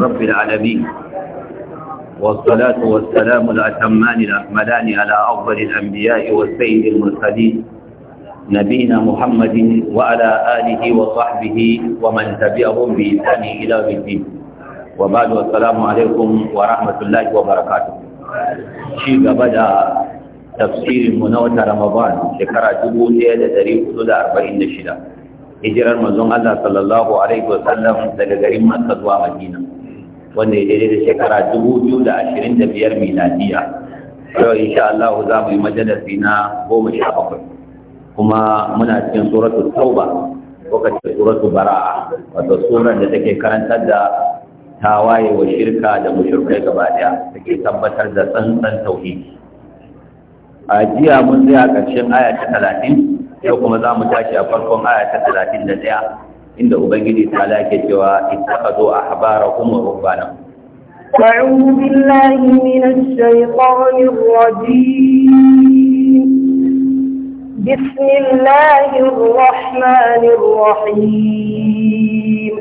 رب العالمين والصلاة والسلام الأتمان الأكملان على أفضل الأنبياء والسيد المرسلين نبينا محمد وعلى آله وصحبه ومن تبعهم بإحسان إلى يوم الدين وبعد والسلام عليكم ورحمة الله وبركاته شيء بدأ tafsirin mu na wata Ramadan shekara 1446 hijirar manzon Allah sallallahu alaihi wasallam daga garin Makka zuwa Madina wanda ya daidai da shekara dubu biyu da ashirin da biyar miladiya yau insha Allah za mu yi majalisi na goma sha bakwai kuma muna cikin suratu tauba lokacin suratu bara'a wato surar da take karantar da tawaye wa shirka da mushrikai gaba daya take tabbatar da tsantsan tauhidi a jiya mun tsaya ƙarshen aya ta talatin yau kuma za mu tashi a farkon aya ta talatin da ɗaya inda ubangiji ta lake cewa ittakhadhu ahbarahum wa أعوذ بالله من الشيطان الرجيم بسم الله الرحمن الرحيم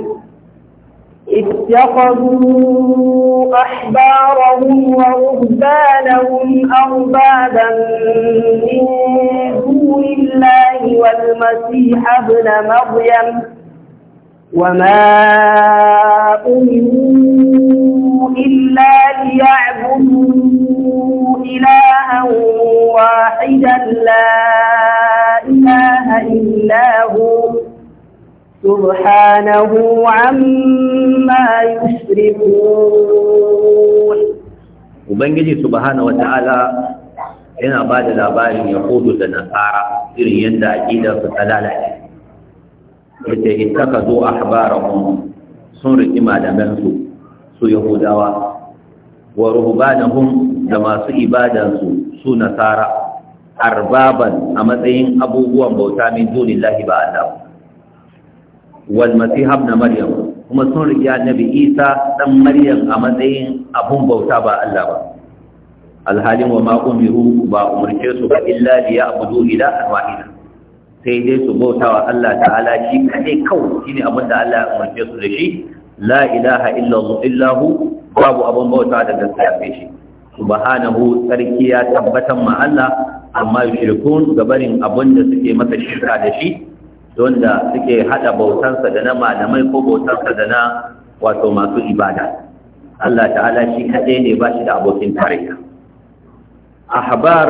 اتخذوا أحبارهم ورهبانهم أربابا من دون الله والمسيح ابن مريم وما أمروا إلا ليعبدوا إلها واحدا لا إله إلا هو سبحانه عما يشركون Ubangiji subhanahu wata'ala yana ba da labarin Yahudu da Nasara irin yadda aƙidarsu ta lalace. yace ittakazu ahbarahum sun riƙi malamansu su yahudawa wa ruhbanahum da masu ibadansu su nasara arbaban a matsayin abubuwan bauta min dunillahi ba Allah wal masih ibn maryam kuma sun riƙi annabi Isa dan maryam a matsayin abun bauta ba Allah ba alhalin wa ma umiru ba umurce su ba illa liya'budu ilahan wahida sai dai su bautawa Allah ta'ala shi kaɗai kawai shine abin da Allah ya umarce su da shi la ilaha illahu babu abin bauta da gaskiya sai shi subhanahu sarki ya tabbatan ma Allah amma yushrikun gabarin abin da suke masa shirka da shi wanda suke hada bautansa da na malamai ko bautansa da na wato masu ibada Allah ta'ala shi kaɗai ne ba shi da abokin tarayya ahbar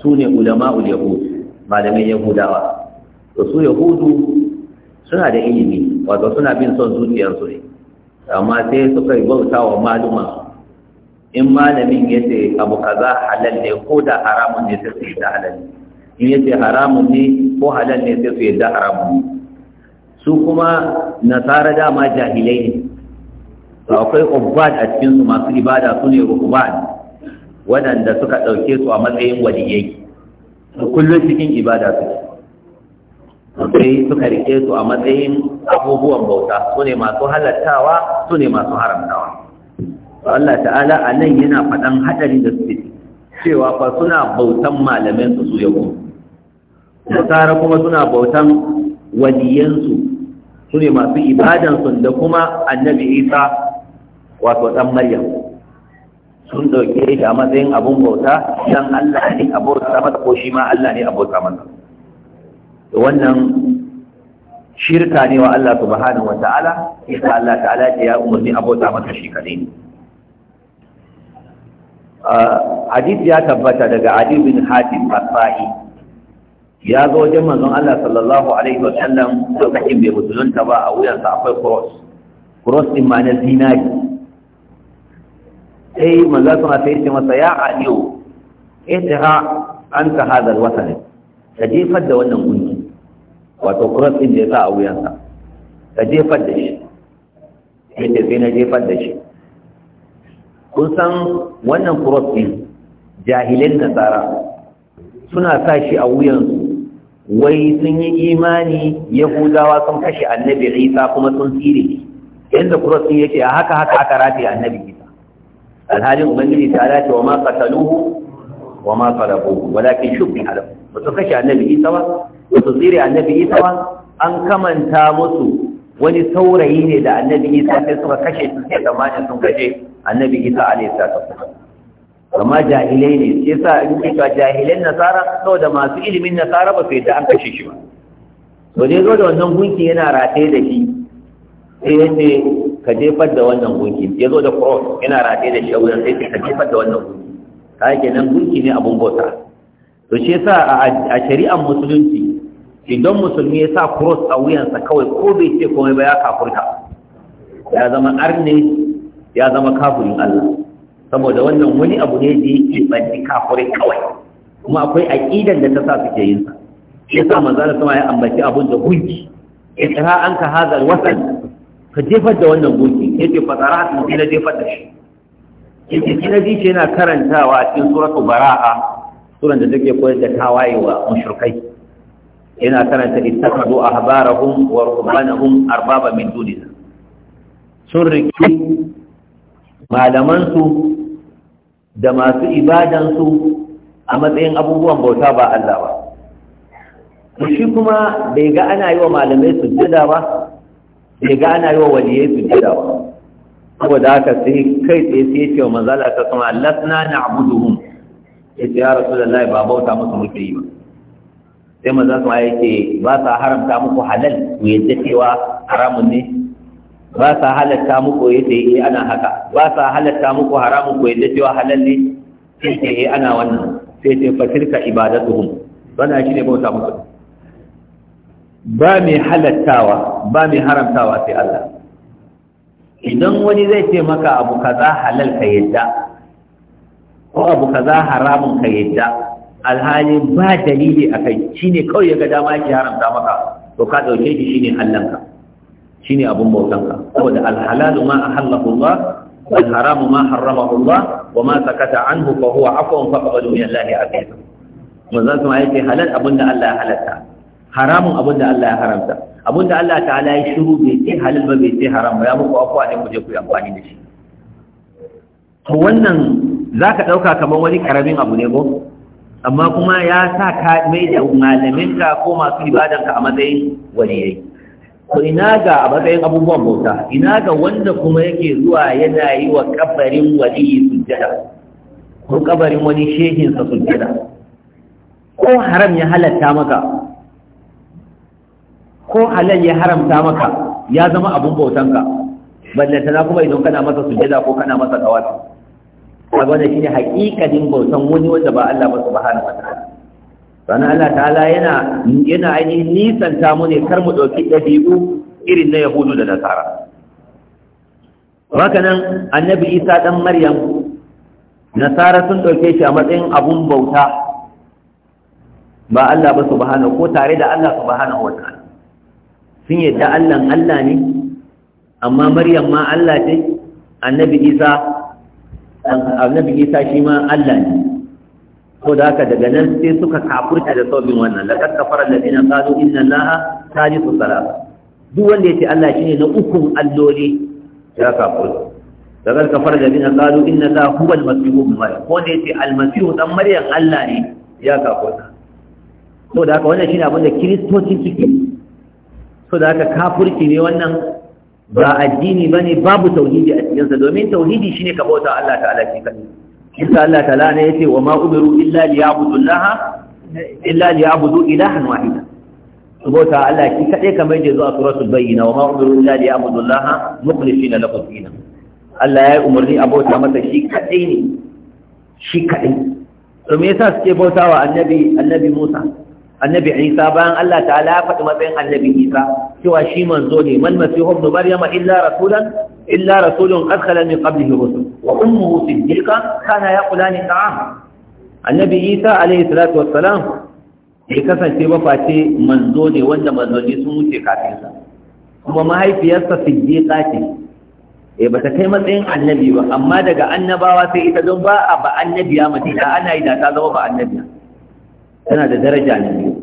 sune ulama'ul yahud malamai yahudawa Wasu su yahudu suna da ilimi wato suna bin son zuciyarsu ne amma sai suka yi bauta wa maluma in malamin ya ce abu kaza halal ne ko da haramun ne sai su yadda halal in ya ce haramun ne ko halal ne sai su yadda haramun ne su kuma nasara dama jahilai ne akwai ubbad a cikinsu masu ibada su ne ruhban waɗanda suka ɗauke su a matsayin waliyai kullum cikin ibada suke sai suka rike su a matsayin abubuwan bauta su ne masu halattawa su ne masu haramtawa Allah ta'ala a nan yana faɗan haɗari da su cewa fa suna bautan malamin su su yau nasara kuma suna bautan waliyansu su ne masu ibadansu da kuma annabi isa wato ɗan maryam sun ɗauke shi a matsayin abun bauta don Allah ne a bauta masa ko shi ma Allah ne a bauta masa wannan shirka ne wa Allah subhanahu wata'ala ita Allah ta'ala ce ya umarni abota maka shi kadai hadith ya tabbata daga Ali bin Hatim Basai ya zo wajen manzon Allah sallallahu alaihi wa sallam lokacin bai musulunta ba a wuyansa akwai cross cross din ma na zinari sai manzo sama sai ce masa ya Ali ihtiha ta hadha alwatan ka jefar da wannan gunki wato cross din da ya sa a wuyansa ka jefar da shi yadda sai na jefar da shi kun san wannan cross din jahilin nasara suna sa shi a wuyansu wai sun yi imani yahudawa sun kashe annabi isa kuma sun tsire yadda cross din yake a haka haka aka rataye annabi isa alhalin ubangiji ta dace wa ma qataluhu wa ma qalabuhu walakin shubbiha lahu ba su kashe annabi isa ba ba su tsire annabi isa ba an kamanta musu wani saurayi ne da annabi isa sai suka kashe su sai tsammanin sun kashe annabi isa ta salatu amma jahilai ne shi yasa in ce ka jahilan nasara saboda masu ilimin nasara ba su yadda an kashe shi ba to dai zo da wannan gunki yana rataye da shi sai ya ka jefar da wannan gunki ya zo da cross yana rataye da shi a wurin sai ka jefar da wannan gunki Ta yake nan gunki ne abun bauta to shi yasa a shari'ar musulunci idan musulmi ya sa cross a wuyansa kawai ko bai ce komai ba ya kafurta ya zama arne ya zama kafurin Allah saboda wannan wani abu ne da yake banci kafurin kawai kuma akwai aqidan da ta sa suke yin sa ya sa manzo Allah sama ya ambaci abun da gunki ikra anka hadha alwasan ka jefar da wannan gunki yace fasara ta da jefar da shi yace kina ji ce yana karantawa cikin suratul bara'a suran da take koyar da tawayewa mushrikai yana karanta ittakhadhu ahbarahum wa ruhbanahum arbaba min dunillah sun riki malaman su da masu ibadan su a matsayin abubuwan bauta ba Allah ba shi kuma bai ga ana yi wa malamai su sujjada ba bai ga ana yi wa waliyai sujjada ba saboda haka sai kai tsaye sai ce wa manzala ta sama lasna na'buduhum ya ce ya rasulullahi ba bauta musu muke yi ba sai manzo su ya ce ba sa haramta muku halal ku yadda cewa haramun ne ba sa halatta muku yadda eh ana haka ba sa halatta muku haramun ku yadda cewa halal ne sai ce eh ana wannan sai ce fatilka ibadatuhum shi shine bauta musu ba mai halattawa ba mai haramtawa sai Allah idan wani zai ce maka abu kaza halal ka yadda ko abu kaza haramun ka yadda alhali ba dalili a kai shi ne kawai ya ga dama yake haramta maka to ka ɗauke shi shi ne allanka shi ne abin bautanka saboda alhalalu ma a hallahullah والحرام an حرمه الله وما سكت عنه فهو عفو فقبلوا من الله عزيزا manzon kuma yake halal abinda Allah ya halatta haramun abinda Allah ya haramta abinda Allah ta'ala ya shiru bai ce halal ba bai ce haram ba ya muku afuwa ne ku je ku yi amfani da shi to wannan za zaka dauka kamar wani ƙaramin abu ne ko amma kuma ya sa ka mai da malaminka ko masu ibadanka a matsayin waliyai Ko ina ga a matsayin abubuwan bauta ina ga wanda kuma yake zuwa yana yi wa kabarin waliyi sujjada ko kabarin wani shehin sa sujjada ko haram ya halatta maka ko halal ya haramta maka ya zama abun bautanka ballantana kuma idan kana masa sujjada ko kana masa tawafi kaga shi ne haƙiƙanin bautan wani wanda ba Allah ba su hana wata sannan Allah ta'ala yana yana ainihin nisan mu ne kar mu ɗauki ɗabi'u irin na yahudu da nasara haka nan annabi isa ɗan maryam nasara sun ɗauke shi a matsayin abun bauta ba Allah ba su subhanahu ko tare da Allah su hana wata sun yadda Allah Allah ne amma maryam ma Allah ce annabi isa annabi isa shi ma Allah ne To da haka daga nan sai suka kafurta da sabbin wannan laqad kafara alladhina qalu inna allaha thalithu thalatha duk wanda yace Allah shine na ukun alloli ya kafurta daga kafara alladhina qalu inna allaha huwal masih ibn maryam ko da yace almasih dan maryam Allah ne ya kafurta to da haka wannan shine abin da kiristoci suke so da haka kafurci ne wannan ba addini bane babu tauhidi a cikin sa domin tauhidi shine ka bauta Allah ta'ala shi kadai insha Allah ta'ala ne yace wa ma umiru illa liya'budu Allah illa liya'budu ilahan wahida bauta Allah shi kadai kamar yadda zuwa suratul bayyina wa ma umiru illa liya'budu Allah mukhlishina lahu din Allah ya yi umarni a bauta masa shi kadai ne shi kadai to me yasa suke bautawa annabi annabi Musa annabi isa bayan Allah ta'ala ya faɗi matsayin annabi isa cewa shi manzo ne man masihu ibn Maryam illa rasulan illa rasulun qad khala min qablihi rusul wa ummuhu siddiqa kana ni ta'am annabi isa alayhi salatu wassalam ya kasance ba face manzo ne wanda manzoni sun wuce kafin sa kuma mahaifiyarsa siddiqa ce eh bata kai matsayin annabi ba amma daga annabawa sai ita don ba a ba annabiya mace ana yi da ta zama ba annabiya tana da daraja ne biyu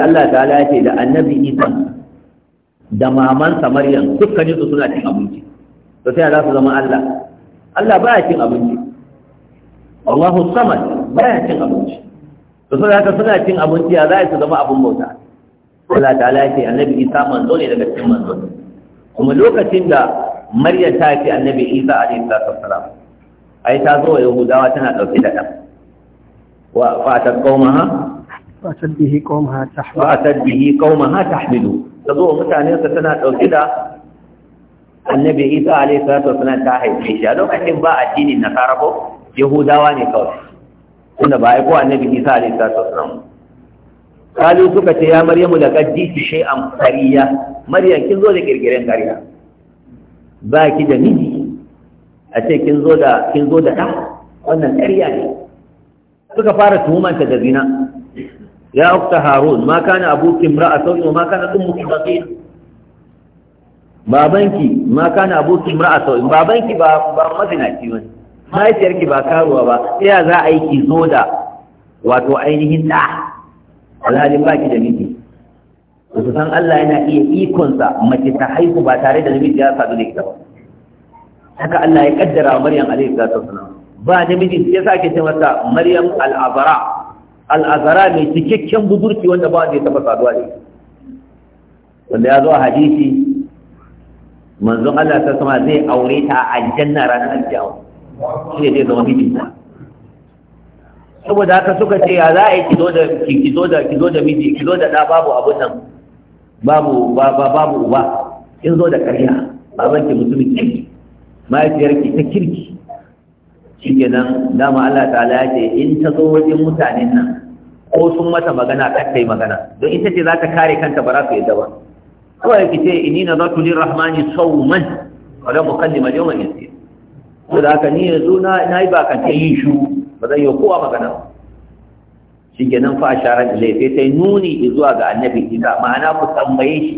Allah ta ala ce da annabi Isa da maman Maryam dukkanin su suna cin abinci to sai za su zama Allah Allah baya cin abinci Allahu samad baya cin abinci to sai ka suna cin abinci ya za su zama abun bauta Allah ta ala ce annabi Isa manzo ne daga cikin manzo kuma lokacin da Maryam ta ce annabi Isa alaihi salatu wassalam ai ta zo wa Yahudawa tana dauke da ɗan fatar bihi ha ta bihi ha ta zo tana da annabi isa alaihissalatu suna ta shi a addini na yahudawa ne kawai ko annabi isa kalu suka ce ya maryamu da gaji ki shi an kariya maryam kin zo da girgiren kariya ba ki da miji a ce kin zo da kin wannan kariya ne suka fara tuhumanta da zina ya ukta harun ma kana abokin mra'a sauyi wa ma kana ummuki baqiya babanki ma kana abokin mra'a sauyi babanki ba ba mazinaci bane mahaifiyarki ba karuwa ba iya za a yi ki zo da wato ainihin da alhalin baki da miji su san Allah yana iya ikonsa mace ta haihu ba tare da namiji ya sadu da ita ba haka Allah ya kaddara wa Maryam alaihi salatu wasallam ba namiji sai sa ake ce masa maryam al'azara al'azara mai cikakken buburki wanda ba zai taba saduwa ne wanda ya zo a hadisi manzon Allah ta sama zai aure ta a aljanna ranar aljiyawa shi ne zai zama mijinta saboda haka suka ce ya za a yi kizo da kizo da kizo da miji kizo da da babu abun nan babu babu uba kin zo da karya, baban ki mutumin kirki mahaifiyar ki ta kirki kenan dama Allah ta'ala ya ce in ta zo wajen mutanen nan ko sun mata magana kar ta yi magana don ita ce za ta kare kanta ba za su yadda ba kawai ki ce inni na zatu lir rahmani sawman wa la ma yawan yanzu, ko da haka ni yanzu na yi ba kan yin shu ba zan yi kowa magana ba kenan fa ashara laifi ta sai nuni zuwa ga annabi ina ma'ana ku tambaye shi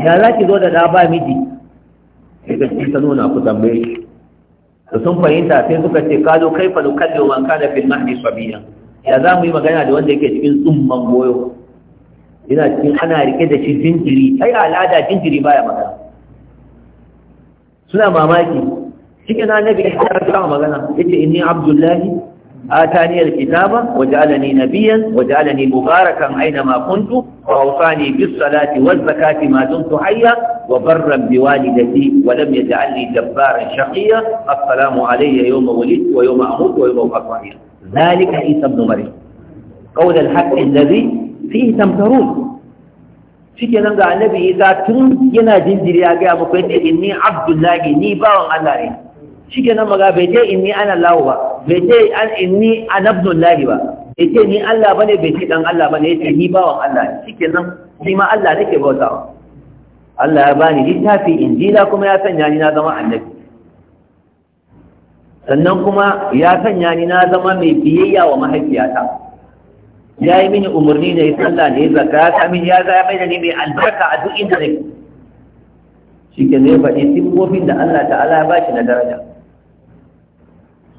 ya za ki zo da da ba miji sai ta nuna ku tambaye shi da sun fahimta sai suka ce kazo kai fa nukallu man kana fil mahdi sabiya ya za mu yi magana da wanda yake cikin tsumman goyo ina cikin ana rike da shi jinjiri ai al'ada jinjiri baya magana suna mamaki cikin annabi ya fara magana yace inni abdullahi آتاني الكتاب وجعلني نبيا وجعلني مباركا أينما كنت وأوصاني بالصلاة والزكاة ما دمت حيا وبرا بوالدتي ولم يجعلني جبارا شقيا السلام علي يوم ولدت ويوم أموت ويوم أطهر ذلك عيسى بن مريم قول الحق الذي فيه تمترون shike nan ga annabi isa tun yana jinjiri ya gaya muku yadda inni abdullahi ni bawan Allah ne shike nan maga bai ce inni ana Allah ba bai ce an inni an ba bai ce ni Allah bane bai ce dan Allah bane yace ni bawan Allah ne nan ma Allah nake bautawa Allah ya bani littafi injila kuma ya sanya ni na zama annabi sannan kuma ya sanya ni na zama mai biyayya wa mahaifiyata ya yi mini umarni na yi sallah ya zaka ya sami ya zaya mai da ni mai albarka a duk inda nake shi ke zai faɗi siffofin da Allah ta'ala ya bashi na daraja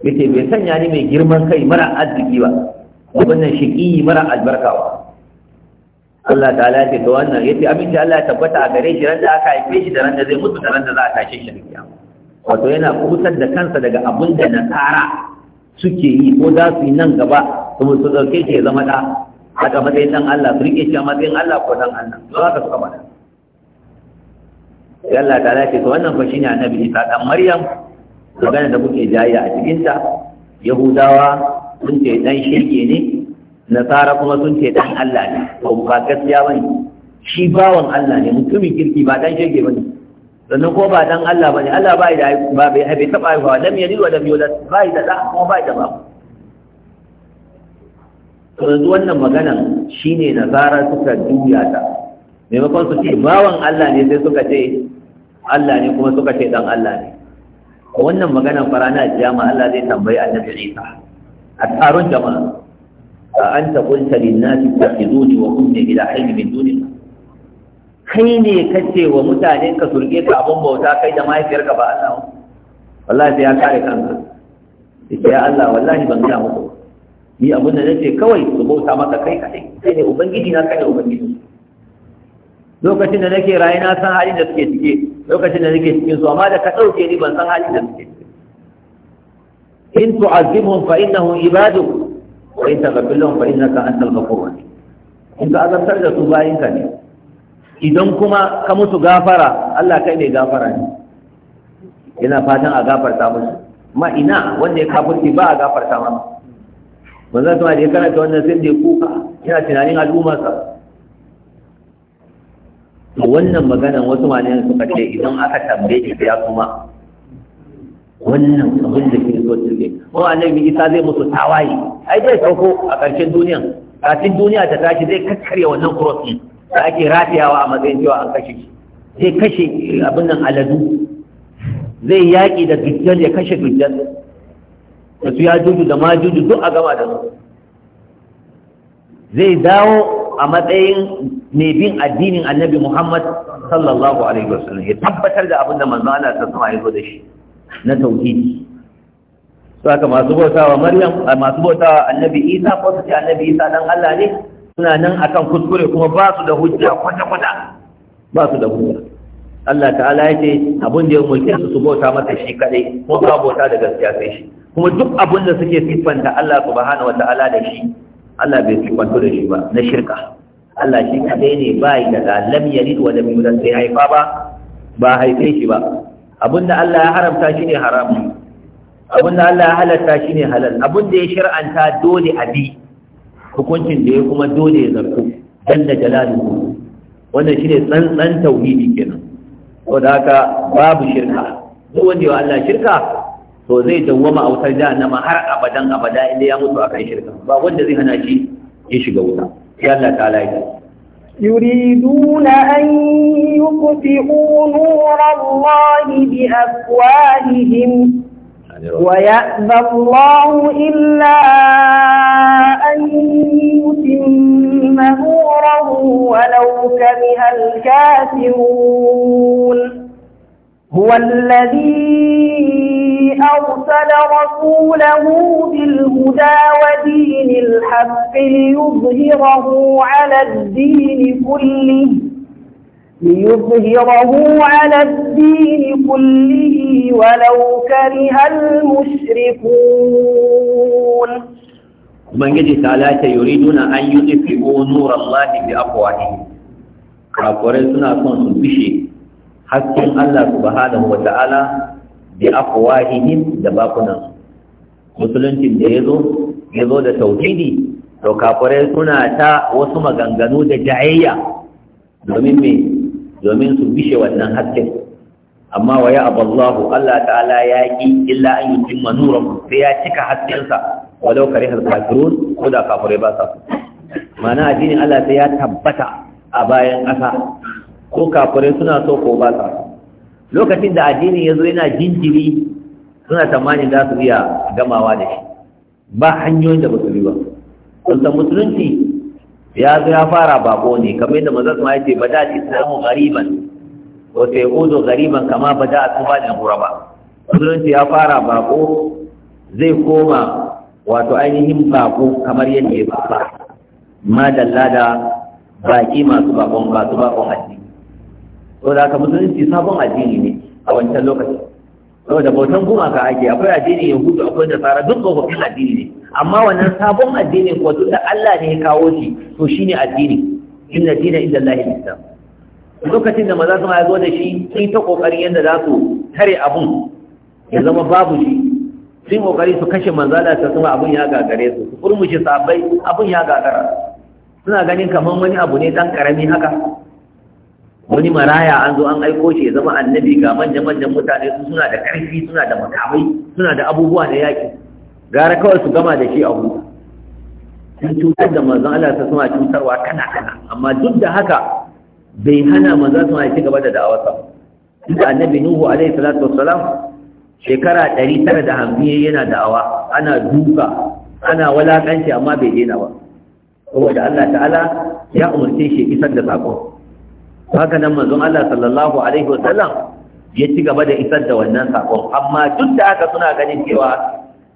yace bai sanya ni mai girman kai mara arziki ba wannan shiƙi mara albarka ba Allah ta'ala ce ga wannan yace abinci Allah ya tabbata a gare shi randa aka haife shi da randa zai mutu da randa za a tashi shi kiyama wato yana kubutar da kansa daga abin da nasara suke yi ko za su yi nan gaba kuma su dauke shi ya zama da haka matsayin dan Allah su rike shi a matsayin Allah ko dan Allah to haka suka bada sai Allah ta'ala ce to wannan fa shine annabi Isa dan Maryam magana da kuke jayya a cikin ta Yahudawa sun ce dan shirki ne nasara kuma sun ce dan Allah ne ba ba gaskiya bane shi bawan Allah ne mutumin kirki ba dan shege bane sannan ko ba dan Allah bane Allah bai ya ba bai bai taba haifa lam yalid wa lam yulad ba ya da kuma ba ya ba to yanzu wannan magana shine nazara suka duniya ta maimakon su ce bawan Allah ne sai suka ce Allah ne kuma suka ce dan Allah ne wannan magana farana jama'a Allah zai tambayi annabi Isa a tsaron jama'a a an ta qulta lin nasi takhuduni wa ummi ila hayy min dunillah kai ne kace wa mutanen ka surge ka abun bauta kai da mahaifiyarka ba Allah wallahi sai ya kare kanka sai ya Allah wallahi ban ga muku ni abin da nace kawai su bauta maka kai kai kai ne ubangiji na kai ne ubangiji lokacin da nake rayu na san halin da suke cike lokacin da nake cikin su amma da ka dauke ni ban san halin da suke cike in tu'azzibhum fa innahum ibaduk wa in taghfir lahum fa an antal ghafurur rahim in ka azabtar da su bayin ka ne idan kuma ka musu gafara Allah kai ne gafara ne yana fatan a gafarta musu ma ina wanda ya kafirci ba a gafarta masa manzo kuma da ya ta wannan sai da kuka yana tunanin al'umma to wannan maganan wasu malayan suka ce idan aka tambaye shi ya kuma wannan abin da so ne ko annabi isa zai musu tawaye ai zai sauko a ƙarshen duniya. kafin duniya ta tashi zai kakkarya wannan cross din da ake rafiyawa a matsayin cewa an kashe shi zai kashe eh, abin nan aladu zai yaƙi da dujjal ya kashe dujjal da su ya juju da ma juju duk a gama da su zai dawo a matsayin mai bin addinin annabi muhammad sallallahu alaihi wasallam ya tabbatar da abin da manzo ana ta sama ya zo da shi na tauhidi to haka masu bautawa maryam masu bautawa annabi isa ko su ce annabi isa dan Allah ne suna nan akan kuskure kuma ba su da hujja kwata kwata ba su da hujja Allah ta'ala ya ce abin da ya mulke su su bauta masa shi kadai ko ba bauta da gaskiya sai shi kuma duk abin da suke siffanta Allah subhanahu wata'ala da shi Allah bai siffanto da shi ba na shirka Allah shi kadai ne bai da lam yalid wa lam yulad sai haifa ba ba haife shi ba abinda Allah ya haramta shine haram abinda Allah ya halatta shine halal abinda ya shar'anta dole a bi hukuncin da ya kuma dole ya zarto dan da jalaluhu wannan shine tsantsan tauhidi kenan saboda haka babu shirka duk wanda ya Allah shirka to zai dawwama a wutar jahannama har abadan abada inda ya mutu akan shirka ba wanda zai hana shi ya shiga wuta ya Allah يريدون أن يطفئوا نور الله بأفواههم يعني ويأبى الله إلا أن يتم نوره ولو كره الكافرون هو الذي أرسل رسوله بالهدى ودين الحق ليظهره على الدين كله ليظهره على الدين كله ولو كره المشركون Ubangiji talata yuriduna an yi يطفئوا nura Allah bi afwahi kafirai suna son su bishe hasken Allah subhanahu wa ta'ala bi afwahihim da bakunan musuluncin da yazo yazo da tauhidi to kafirai suna ta wasu maganganu da jayayya domin me domin su bishe wannan hasken amma wa ya Allah ta'ala ya ki illa an yutimma nurahu sai ya cika haskensa walau karihal kafirun ko da kafirai ba sa mana addinin Allah sai ya tabbata a bayan ƙasa ko kafirai suna so ko ba sa lokacin da addini ya zo yana jinjiri suna tamanin za su iya gamawa da shi ba hanyoyin da ba su bi ba kusa musulunci ya zo ya fara bako ne kamar yadda mazan ma yace bada al gariban. ko sai sayudu gariban kama bada al da ba. musulunci ya fara bako zai koma wato ainihin bako kamar yadda ya fara madalla da baki masu bakon ba su bakon addini saboda haka musulunci sabon addini ne a wancan lokaci saboda bautan gumaka ake akwai addini ya hudu akwai da tsara duk tsofaffin addini ne amma wannan sabon addinin ko duk da Allah ne ya kawo shi to shine addini inna dina inda Allah islam lokacin da maza suna ya zo da shi sun ta kokari yadda za su tare abun ya zama babu shi sun kokari su kashe Allah ta kuma abun ya gagare su su furmushi sabai abun ya gagara suna ganin kamar wani abu ne dan karami haka wani maraya an zo an aiko shi ya zama annabi ga manya-manyan mutane su suna da ƙarfi suna da makamai suna da abubuwa na yaƙi gara kawai su gama da shi a hutu sun cutar da manzon Allah ta suna cutarwa kana kana amma duk da haka bai hana manzon suna ci gaba da da'awarsa duk da annabi nuhu alaihi salatu wassalam shekara ɗari tara da hamsin yana da'awa ana duka ana wulaƙanci amma bai daina ba saboda Allah ta'ala ya umarce shi isar da saƙon haka nan manzon Allah sallallahu alaihi wa sallam ya ci gaba da isar da wannan sakon amma duk da haka suna ganin cewa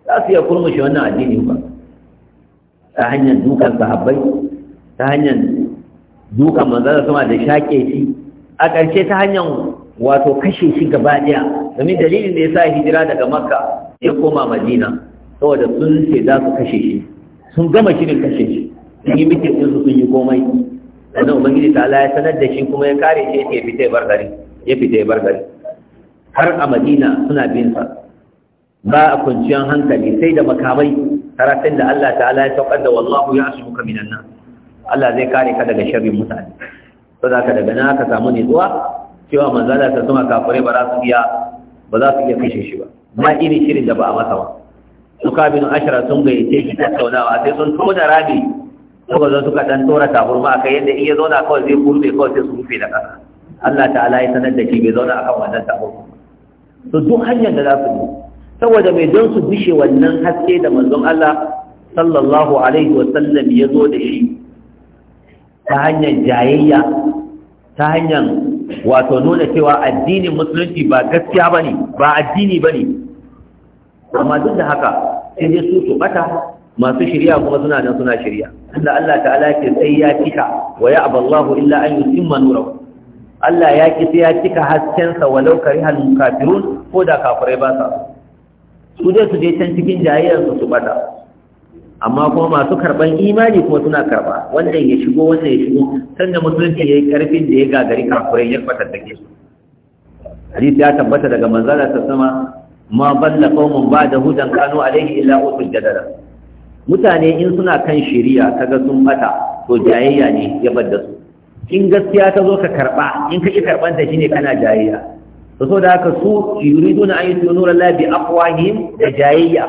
za su iya kurmushe wannan addini ba ta hanyar dukan sahabbai ta hanyar dukan manzon sama da shake shi a ƙarshe ta hanyar wato kashe shi gaba ɗaya domin dalilin da ya sa hijira daga makka ya koma madina saboda sun ce za su kashe shi sun gama shirin kashe shi sun yi mitin sun yi komai sannan ubangiji ta Allah ya sanar da shi kuma ya kare shi yake fita ya bar gari ya fita ya bar gari har a madina suna bin sa ba a kwanciyar hankali sai da makamai karatun da Allah ta'ala ya saukar da wallahu ya asmuka minan nan Allah zai kare ka daga sharrin mutane to zaka daga nan ka samu zuwa cewa manzala ta suma kafirai ba za su iya ba za su iya kashe shi ba Na irin shirin da ba a masa ba suka bin ashara sun gayyace shi tattaunawa sai sun tona rami suka zo suka dan tora ma kai yadda in ya zauna kawai zai kurbe kawai sai su rufe da ƙasa Allah ta'ala ya sanar da shi bai zauna akan wannan taburma to duk hanyar da za su bi saboda mai don su bishe wannan haske da manzon Allah sallallahu alaihi wa sallam ya zo da shi ta hanyar jayayya ta hanyar wato nuna cewa addinin musulunci ba gaskiya bane ba addini bane amma duk da haka sai dai su su bata masu shirya kuma suna nan suna shirya inda Allah ta'ala ke sai ya kika wa ya aballahu illa an yusimma nurahu Allah ya ki sai ya cika haskensa walau karihal kafirun ko da kafirai ba sa su dai su je can cikin jayayyar su bata amma kuma masu karban imani kuma suna karba wannan ya shigo wannan ya shigo da musulunci yayi karfin da ya gagari kafirai ya da su hadisi ya tabbata daga manzala ta sama ma balla ba ba'da hudan kanu alaihi illa usul jadala mutane in suna kan shiriya ga sun bata to jayayya ne ya badda su in gaskiya ta zo ka karba in ka ki karban ta shine kana jayayya to so da haka su yuriduna an yutu nura Allah bi aqwahim da jayayya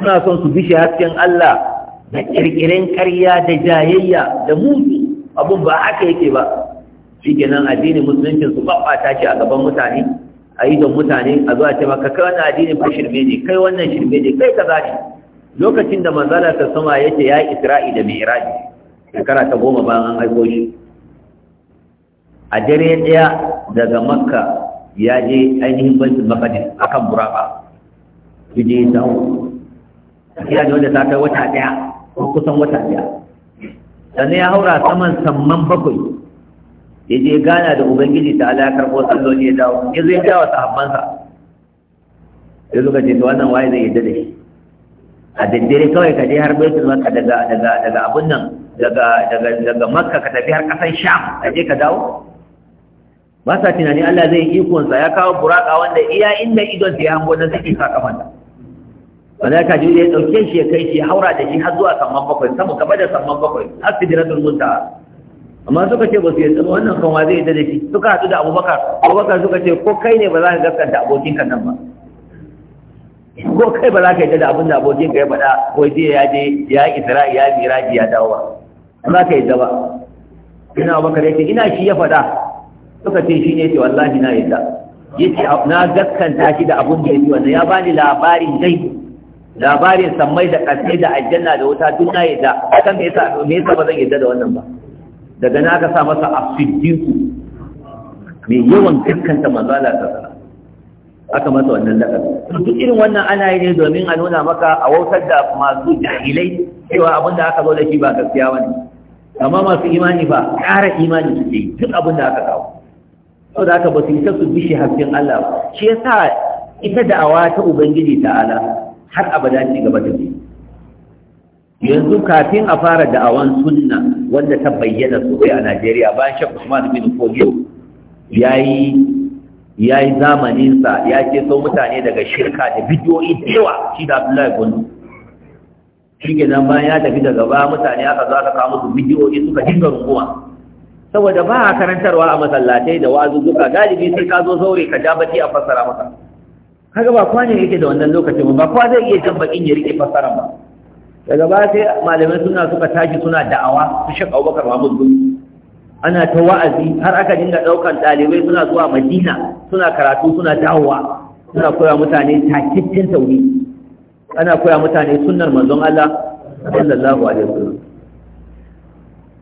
suna son su bishe hasken Allah da kirkirin ƙarya da jayayya da mutu abun ba haka yake ba shi addinin musulunci su babbata shi a gaban mutane a yi don mutane a zuwa ce maka kai wannan addinin ba shirme ne kai wannan shirme ne kai za ne lokacin da manzala ta sama ya ce ya isra'i da mi'raji shekara ta goma bayan an haifo shi a dare ɗaya daga makka ya je ainihin baitul maqdis akan buraba je ta a ya ne wanda ta kai wata ɗaya ko kusan wata ɗaya sannan ya haura saman samman bakwai ya je gana da ubangiji ta ala ya karɓo salloli ya dawo ya zo ya dawo sahabbansa ya zo ka wannan waye zai yadda da shi a daddare kawai ka je har baitul maka daga daga daga abun nan daga daga daga makka ka tafi har kasan sham a je ka dawo ba sa tunani Allah zai ikon sa ya kawo buraka wanda iya inda idon ta ya hango na zai sa kafan ta ka ji ya dauke shi ya kai shi haura da shi har zuwa samman bakwai samu gaba da samman bakwai har sidratul muntaha amma suka ce ba su yi wannan kan wa zai yi da shi suka haɗu da abubakar abubakar suka ce ko kai ne ba za ka gaskanta abokin kan nan ba ko kai ba za ka yi da abin da abokin ka ya faɗa ko je ya je ya isra ya miraji ya dawo ba za ka yi ta ba ina abubakar ya ce ina shi ya faɗa suka ce shi ne ce wallahi na yadda ya ce na gaskanta shi da abin da ya ce wannan ya bani labarin dai labarin sammai da ƙasai da aljanna da wuta duk na yadda akan Kan me yasa ba zan yadda da wannan ba daga na ka sa masa asidiku mai yawan gaskanta manzala ta sana aka masa wannan lakabi duk irin wannan ana yi ne domin a nuna maka a wautar da masu jahilai cewa abin da aka zo da shi ba gaskiya bane amma masu imani ba ƙara imani suke yi duk abin da aka kawo saboda da aka ba su isa su bishe haskin Allah ba shi yasa ita da'awa ta ubangiji ta'ala har abada ci gaba da bi yanzu kafin a fara da'awan sunna wanda ta bayyana sosai a Najeriya bayan Sheikh Usman bin Fodio ya yi ya yi zamaninsa ya ke sau mutane daga shirka da bidiyoyi da yawa shi da abdullahi gundu shi ke nan bayan ya tafi daga ba mutane aka zo aka kawo musu bidiyoyi suka dinga runguma saboda ba a karantarwa a masallatai da wazuzuka galibi sai ka zo saure ka ja baki a fassara maka kaga ba kwane yake da wannan lokacin ba kwa zai iya jan bakin ya rike fassara ba daga ba sai malamai suna suka tashi suna da'awa su shek abubakar mahmud gundu ana ta wa'azi har aka dinga ɗaukan ɗalibai suna zuwa madina suna karatu suna dawowa suna koya mutane takiccin tauri ana koya mutane sunnar manzon Allah sallallahu alaihi wasallam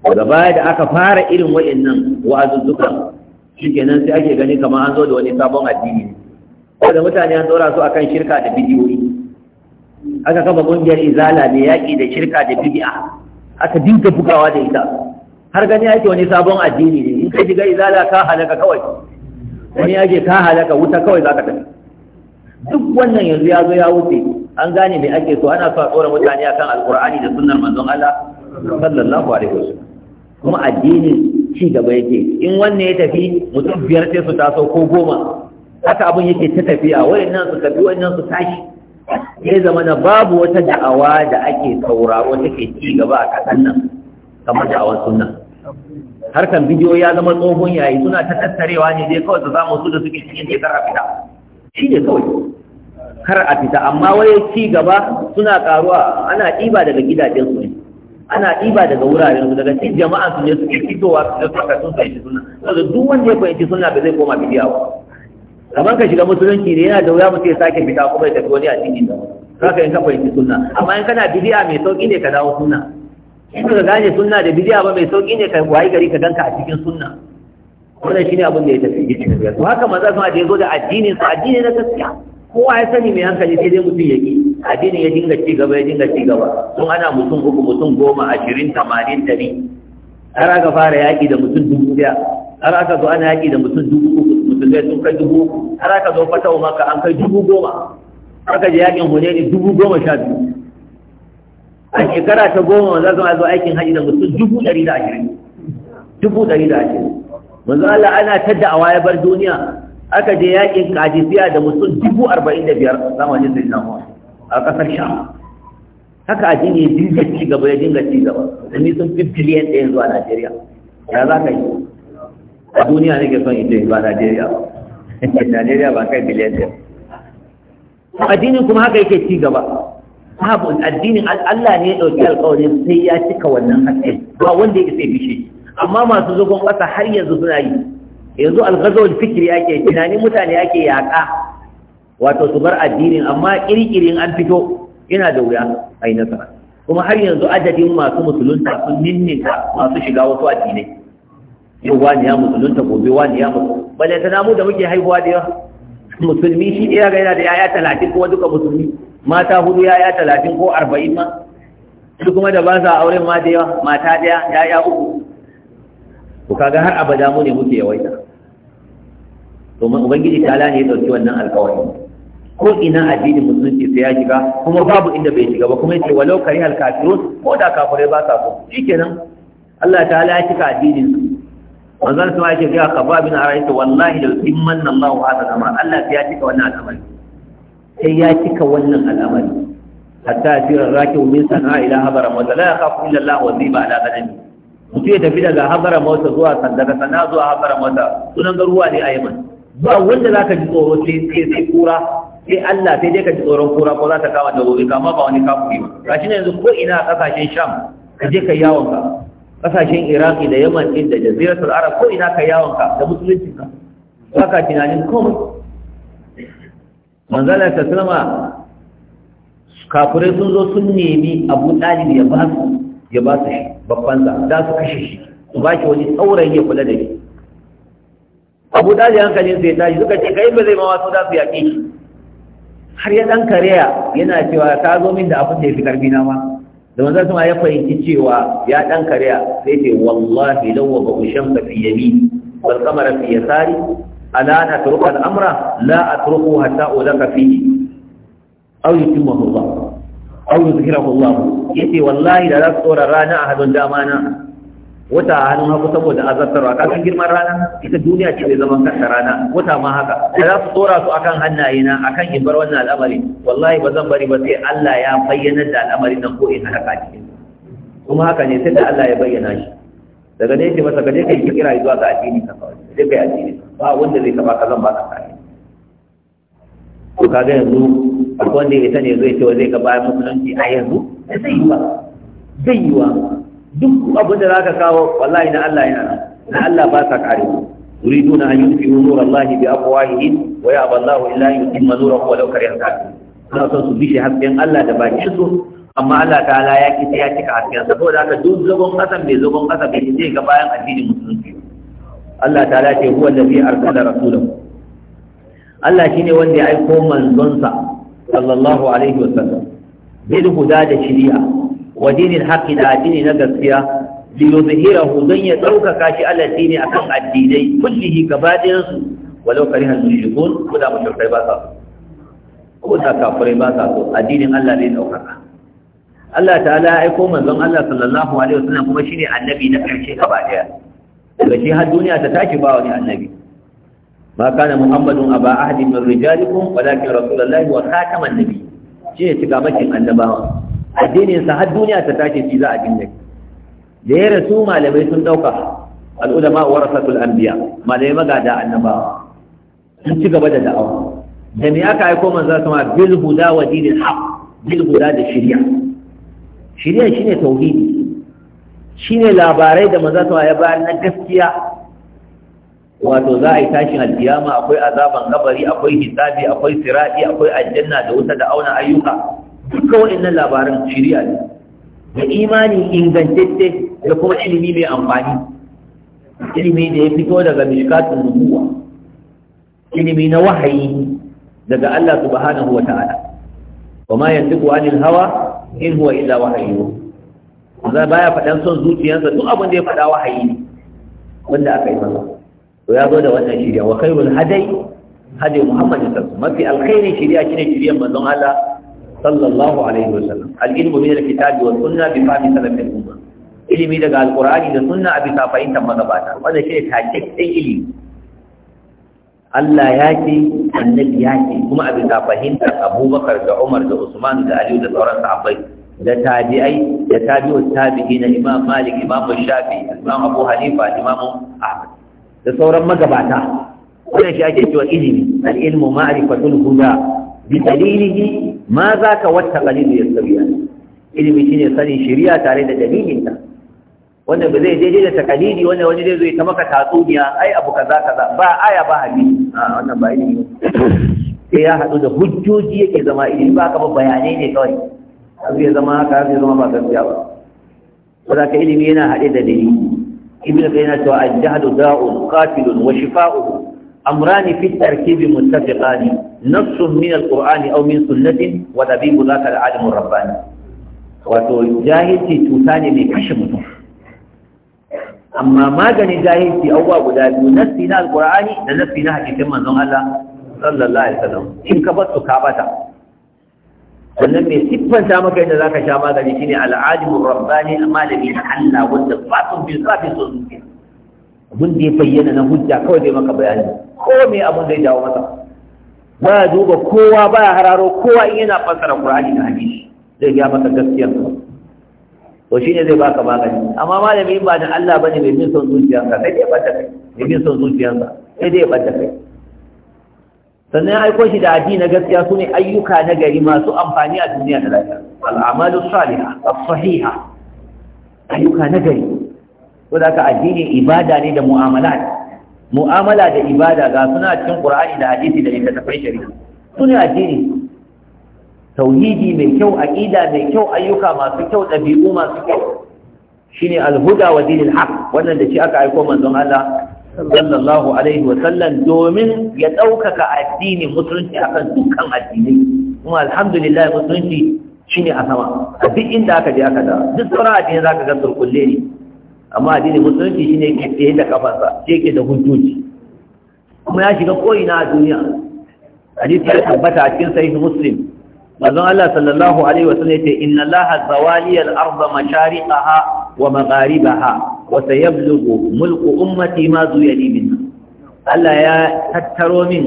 Gaba da aka fara irin wa'annan wa'azuzzukan shikenan sai ake gani kamar an zo da wani sabon addini da mutane an tsora su akan shirka da bidiyoyi aka kafa kungiyar izala mai yaƙi da shirka da bidi'a aka dinka bugawa da ita har gani ake wani sabon addini ne in kai shiga izala ka halaka kawai wani yake ka halaka wuta kawai zaka ka tafi duk wannan yanzu ya zo ya wuce an gane me ake so ana so a tsoron mutane akan alkur'ani da sunnar manzon Allah sallallahu alaihi wasallam kuma addini ci gaba yake in wanne ya tafi mutum biyar sai su taso ko goma haka abin yake ta tafiya wayannan su tafi wayannan su tashi ya zama na babu wata da'awa da ake saurawa take ci gaba a kasan nan kamar da'awar sunna harkan bidiyo ya zama tsohon yayi suna ta tattarewa ne dai kawai su mu su da suke cikin a fita shi ne kawai kar a fita amma wai ci gaba suna karuwa ana ɗiba daga gidajen su ne ana ɗiba daga wuraren su daga cikin jama'a su ne suke fitowa su da suka sun fahimci suna saboda duk wanda ya fahimci suna ba zai koma bidiya ba kamar ka shiga musulunci ne yana da wuya mutum ya sake fita kuma ya tafi wani a cikin da za ka yi ka fahimci suna amma in kana bidiya mai sauƙi ne ka dawo suna in ka gane sunna da bidiya ba mai sauki ne ka wayi gari ka danka a cikin sunna wannan shine abin da ya tafi yake tafiya to haka maza kuma da yazo da addinin su addini na gaskiya kowa ya sani mai hankali sai dai mutum ya ki addinin ya dinga ci gaba ya dinga ci gaba sun ana mutum uku mutum goma ashirin tamanin dari har aka fara yaƙi da mutum dubu ɗaya har aka zo ana yaƙi da mutum dubu uku mutum ɗaya sun kai dubu har aka zo fatawa maka an kai dubu goma aka je yaƙin hunayni dubu goma sha biyu a shekara ta goma wanzan zama zuwa aikin haji da mutum dubu ɗari da ashirin dubu ɗari da ashirin wanzan Allah ana ta a waya bar duniya aka je yakin kajisiya da mutum dubu arba'in da biyar zamanin sai na a ƙasar sha haka a jini dinga ci gaba ya dinga ci gaba ni sun fi biliyan ɗaya zuwa Najeriya ya za ka yi a duniya nake son ita ba Najeriya ba Najeriya ba kai biliyan ɗaya addinin kuma haka yake ci gaba babu addinin Allah ne ya dauki alƙawarin sai ya cika wannan haƙƙin ba wanda ya sai bishi amma masu zagon ƙasa har yanzu suna yi yanzu alghazawul fikri ake tunanin mutane ake yaƙa wato su bar addinin amma kirkirin an fito ina da wuya a yi nasara kuma har yanzu adadin masu musulunta sun ninninka masu shiga wasu addinai yau wani ya musulunta gobe wani ya musulunta balle ta namu da muke haihuwa da yawa musulmi shi ɗaya ga yana da yaya talatin kuma duka musulmi mata hudu yaya talatin ko arba'in ma su kuma da ba sa auren ma da yawa mata daya yaya uku ku kaga har abada mu ne muke yawaita to ubangiji ta ne ya dauki wannan alƙawari ko ina addinin musulunci sai ya shiga kuma babu inda bai shiga ba kuma yace walau kari hal kafirun ko da kafirai ba sa so shikenan Allah ta'ala ya cika addinin su manzon sai ya ce ga bin araitu wallahi la yimmanna Allahu hada al-amr Allah ya cika wannan al'amari sai ya cika wannan al'amari hatta ya asirar rakibu min sana'a ila habara mawta la yakhafu illa Allah wa ziba ala qadami Mutu ya tafi daga habara mawta zuwa sandaka sana'a zuwa habara mawta sunan garuwa ne a yaman ba wanda za ka ji tsoro sai sai kura sai Allah sai dai ka ji tsoron kura ko za ta kama gobe. kama ba wani kafuri ba gashi ne yanzu ko ina a kasashen sham ka je ka yawon ka kasashen iraki da yaman din da jaziratul arab ko ina ka yawon ka da musulunci ka ba ka tunanin komai manzala ta sallama kafirai sun zo sun nemi abu ɗalib ya ba su ya ba su shi babban za za su kashe shi su ba shi wani tsaurayi ya kula da shi abu ɗalib hankalin sai tashi suka ce kai ba zai ma wasu za su yaƙe shi har ya ɗan kariya yana cewa ka zo min da abin da ya fi ƙarfi na ma da manzo sama ya fahimci cewa ya ɗan kariya sai ce wallahi lawa ba ku shamsa fi yamin wal qamara fi yasari ala an atruka al-amra la atruku hatta ulaka fihi aw yutimmahu Allah aw yuzhirahu Allah yace wallahi da za su tsora rana a hadon dama na wata a hannun haku saboda azabtarwa kasan girman rana ita duniya ce mai zaman kanta rana wata ma haka da za su tsora su akan hannaye na akan in bar wannan al'amari wallahi ba zan bari ba sai Allah ya bayyana da al'amarin nan ko in kuma haka ne sai da Allah ya bayyana shi daga ne yake masa gaje ka yi kira zuwa ga addini ka kawai sai kai addini ba wanda zai kama ka zan ba ka kare. to kaga yanzu akwai wanda ita ne zai ce zai ka bayan musulunci a yanzu zai yi ba zai yi wa duk abin da ka kawo wallahi na Allah yana na Allah ba sa karewa يريدون أن يطفئوا نور الله بأفواههم ويأبى الله إلا أن يتم نوره ولو كره الكافرون na son su bishe hasken Allah da bakin su amma Allah ta'ala ya ki ya cika hasken saboda haka duk zagon kasa mai zagon kasa bai je ga bayan addinin musulunci Allah ta'ala ce huwa allazi arsala rasulahu Allah shine wanda ya aiko manzonsa sallallahu alaihi wasallam bil huda da shari'a wa dinil haqqi da addini na gaskiya li yuzhirahu dan ya daukaka shi ala dini akan addinai kullihi gabaɗayansu walau karihal mushrikun ko da mushrikai ba sa ko da kafirai ba sa so addinin Allah ne daukaka Allah ta'ala ya aiko manzon Allah sallallahu alaihi wasallam kuma shine annabi na karshe gaba daya daga shi har duniya ta tashi ba wani annabi ma kana muhammadun aba ahadin min rijalikum walakin rasulullahi wa khataman nabi shi ne cikamakin annabawa addinin sa har duniya ta tashi shi za a dinne da ya rasu malamai sun dauka al'ulama warasatul anbiya malamai magada annabawa sun ci gaba da da'awa da me aka aiko manzon sama bil huda wa dinil haqq bil huda da shari'a shirya shine tauhidi shine labarai da maza ta ya bayar na gaskiya wato za a yi tashin alkiyama akwai azaban kabari akwai hisabi akwai sirati akwai aljanna da wuta da auna ayyuka duka wa'annan labaran shirya ne da imani ingantacce da kuma ilimi mai amfani ilimi da ya fito daga mishkatun nubuwa ilimi na wahayi daga Allah subhanahu wa ta'ala wa ma yantiqu anil hawa in huwa illa wahayi za baya faɗan son zuciyarsa duk abin da ya faɗa wahayi ne wanda aka yi masa to ya zo da wannan shirya wa khairul hadai hadi muhammad sallallahu mafi alkhairi shirya shine shiryan manzon Allah sallallahu alaihi wasallam al-ilmu min al-kitabi wa sunna bi fahmi salaf al-umma ilimi daga alqur'ani da sunna a bisa fahimtar magabata wanda shine take ɗin ilimi Allah ya ce annabi ya ce kuma abin da fahimta Abubakar da Umar da Usman da Aliyu da sauran sahabbai da tabi'ai da tabi'u tabi'ut tabi'in Imam Malik Imam Shafi Imam Abu Hanifa Imam Ahmad da sauran magabata wannan shi ake cewa ilimi al-ilmu ma'rifatul huda bidalilihi ma za ka wata ƙalilu ya sabiya ilimi shine ne sanin shirya tare da dalilinta wanda ba zai daidai da takalidi wanda wani zai zo ta maka tatsuniya ai abu kaza kaza ba aya ba hadisi a wannan ba ilimi sai ya haɗu da hujjoji yake zama ilimi ba ka ba bayanai ne kawai abu ya zama haka zai zama ba gaskiya ba ba za ka ilimi yana haɗe da dalili ibn kai yana cewa al-jahlu da'un qatilun wa shifa'uhu أمران في التركيب متفقان نص من القرآن أو من سنة وطبيب ذاك العالم الرباني wato jahilci cuta ne mai kashe mutum amma maganin jahilci abubuwa guda biyu nassi na alkur'ani da nassi na hakikin manzon Allah sallallahu alaihi wasallam in ka bar su ka bata wannan mai siffanta maka yadda zaka sha magani shine al'alimur rabbani al na Allah wanda fatun bil safi so zuciya abun da ya bayyana na hujja kawai zai maka bayani ko me abun zai dawo masa ba duba kowa ba hararo kowa in yana fassara qur'ani da hadisi zai ga maka gaskiyar to shine zai baka magani amma malami ba da Allah bane mai bin son zuciyarsa sai dai bata kai mai bin son zuciyarsa sai dai bata kai sannan aiko shi da addini na gaskiya sune ayyuka na gari masu amfani a duniya da lafiya al'amalu salihah as-sahiha ayyuka na gari to da ka addini ibada ne da mu'amala. mu'amala da ibada ga suna cikin qur'ani da hadisi da littafin shari'a sune addini tauhidi mai kyau aqida mai kyau ayyuka masu kyau dabi'u masu kyau shine alhuda wa dinil haq wannan da shi aka aiko manzon Allah sallallahu alaihi wa sallam domin ya ɗaukaka addinin musulunci akan dukkan addinai kuma alhamdulillah musulunci shine a sama a duk inda aka je aka da duk sauran addini zaka ga surkulle ne amma addinin musulunci shine ke tsaye da kafarsa shi da hujjoji kuma ya shiga ko'ina a duniya hadisi ya tabbata a cikin sahih muslim manzon Allah sallallahu alaihi wasallam yace inna Allah zawali al-ard mashariqaha wa magharibaha wa sayablughu mulku ummati ma zuyali min Allah ya tattaro min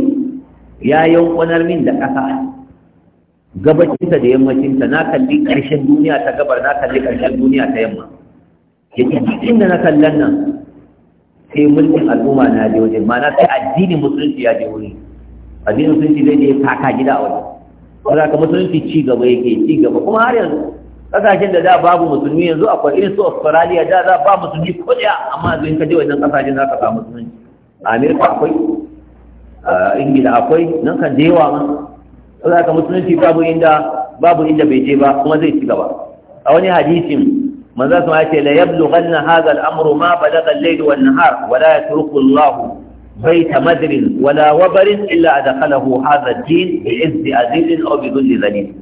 ya yankunar min da ƙasa Gabatinta da yammacinta na kalli ƙarshen duniya ta gabar na kalli ƙarshen duniya ta yamma yake cikin da na kallan nan sai mulkin al'umma na je wajen ma'ana sai addinin musulunci ya je wuri addinin musulunci zai je taka gida a wajen wanda ka musulunci ci gaba yake ci gaba kuma har yanzu kasashen da da babu musulmi yanzu akwai irin su Australia da za ba musulmi ko da amma zai kaje ka je wannan kasashen za ka samu musulunci a America akwai a Ingila akwai nan kan da yawa ma wanda ka musulunci babu inda babu inda bai je ba kuma zai ci gaba a wani hadisin manzo sama ce la yablughanna hadha al-amru ma balagha al-layl wan nahar wa la yatruku Allahu بيت مدر ولا وبر إلا أدخله هذا الدين بعز أذل أو بذل ذليل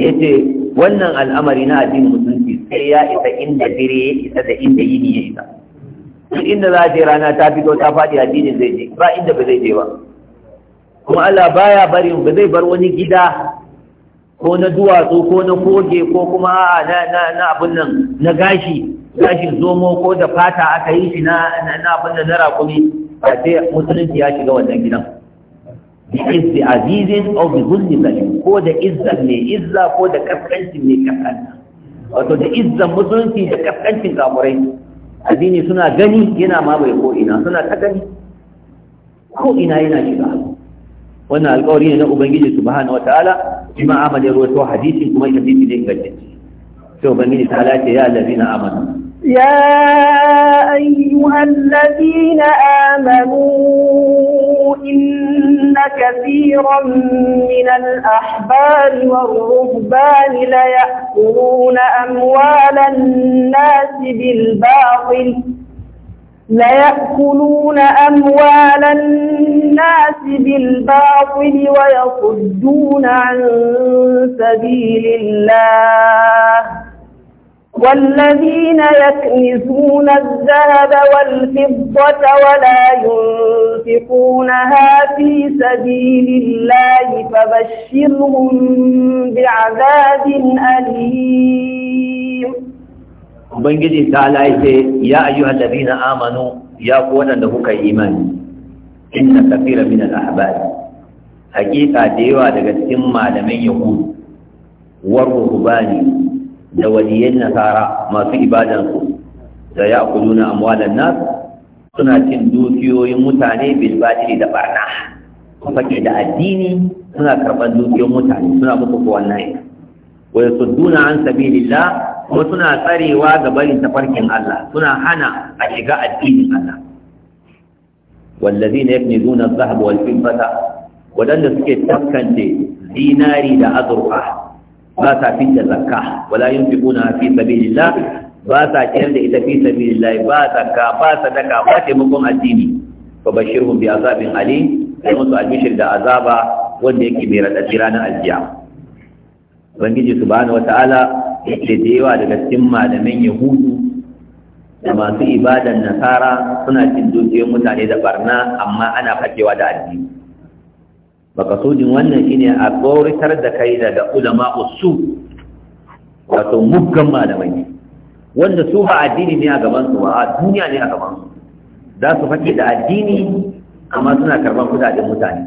yace wannan al'amari na addinin musulunci sai ya isa inda dare ya isa da inda yini ya isa duk inda za je rana ta fito ta faɗi addinin zai je ba inda ba zai je ba kuma Allah baya barin ba zai bar wani gida ko na duwatsu ko na koge ko kuma na abun nan na gashi gashin zomo ko da fata aka yi shi na abun da na rakumi a ce musulunci ya shiga wannan gidan bi izzi azizin aw bi zulmi zalim ko da izzan mai izza ko da kaskancin mai kaskanta wato da izzan musulunci da kaskancin kamurai addini suna gani yana mamaye ko ina suna ta gani ko ina yana shiga wannan alƙawari ne na ubangiji subhanahu wataala imam ahmad ya rawaito hadisin kuma hadisi ne ingantacce sai ubangiji ta lace ya allazina amanu يا أيها الذين آمنوا إن كثيرا من الأحبار والرهبان ليأكلون أموال الناس بالباطل ليأكلون أموال الناس بالباطل ويصدون عن سبيل الله والذين يكنزون الذهب والفضة ولا ينفقونها في سبيل الله فبشرهم بعذاب أليم Ubangiji ta laife ya ayyu hallabi amanu ya ku kuka yi imani, inda kafira min al'abari, hakika da yawa daga cikin malamin Yahudu, warwa Hubani, da waliyan nasara masu ibadansu da ya kudu kuluna amwalan nas suna cin dukiyoyin mutane bil batili da barna fake da addini suna karban dukiyoyin mutane suna muku ko wannan wa yasudduna an sabilillah kuma suna tsarewa ga barin tafarkin Allah suna hana a shiga addinin Allah wallazina yaknizuna adh-dhahaba wal-fiddata wadanda suke taskance zinari da azurfa ba sa da zakka wala yin fi sabilillah ba sa ciyar da ita fi sabilillah ba zakka ba sa sadaka ba taimakon addini fa bashirhum bi azabin ali sai musu albishir da azaba wanda yake mai radadi ranar aljiya ubangiji subhanahu Wa yake da yawa daga cikin malamin yahudu da masu ibadan nasara suna cin dukiyar mutane da barna amma ana fakewa da addini makasudin wannan shine a tsoritar da kai daga ulama usu wato muggan malamai wanda su ba addini ne a gaban su ba a duniya ne a gaban su za su fake da addini amma suna karban kudaden mutane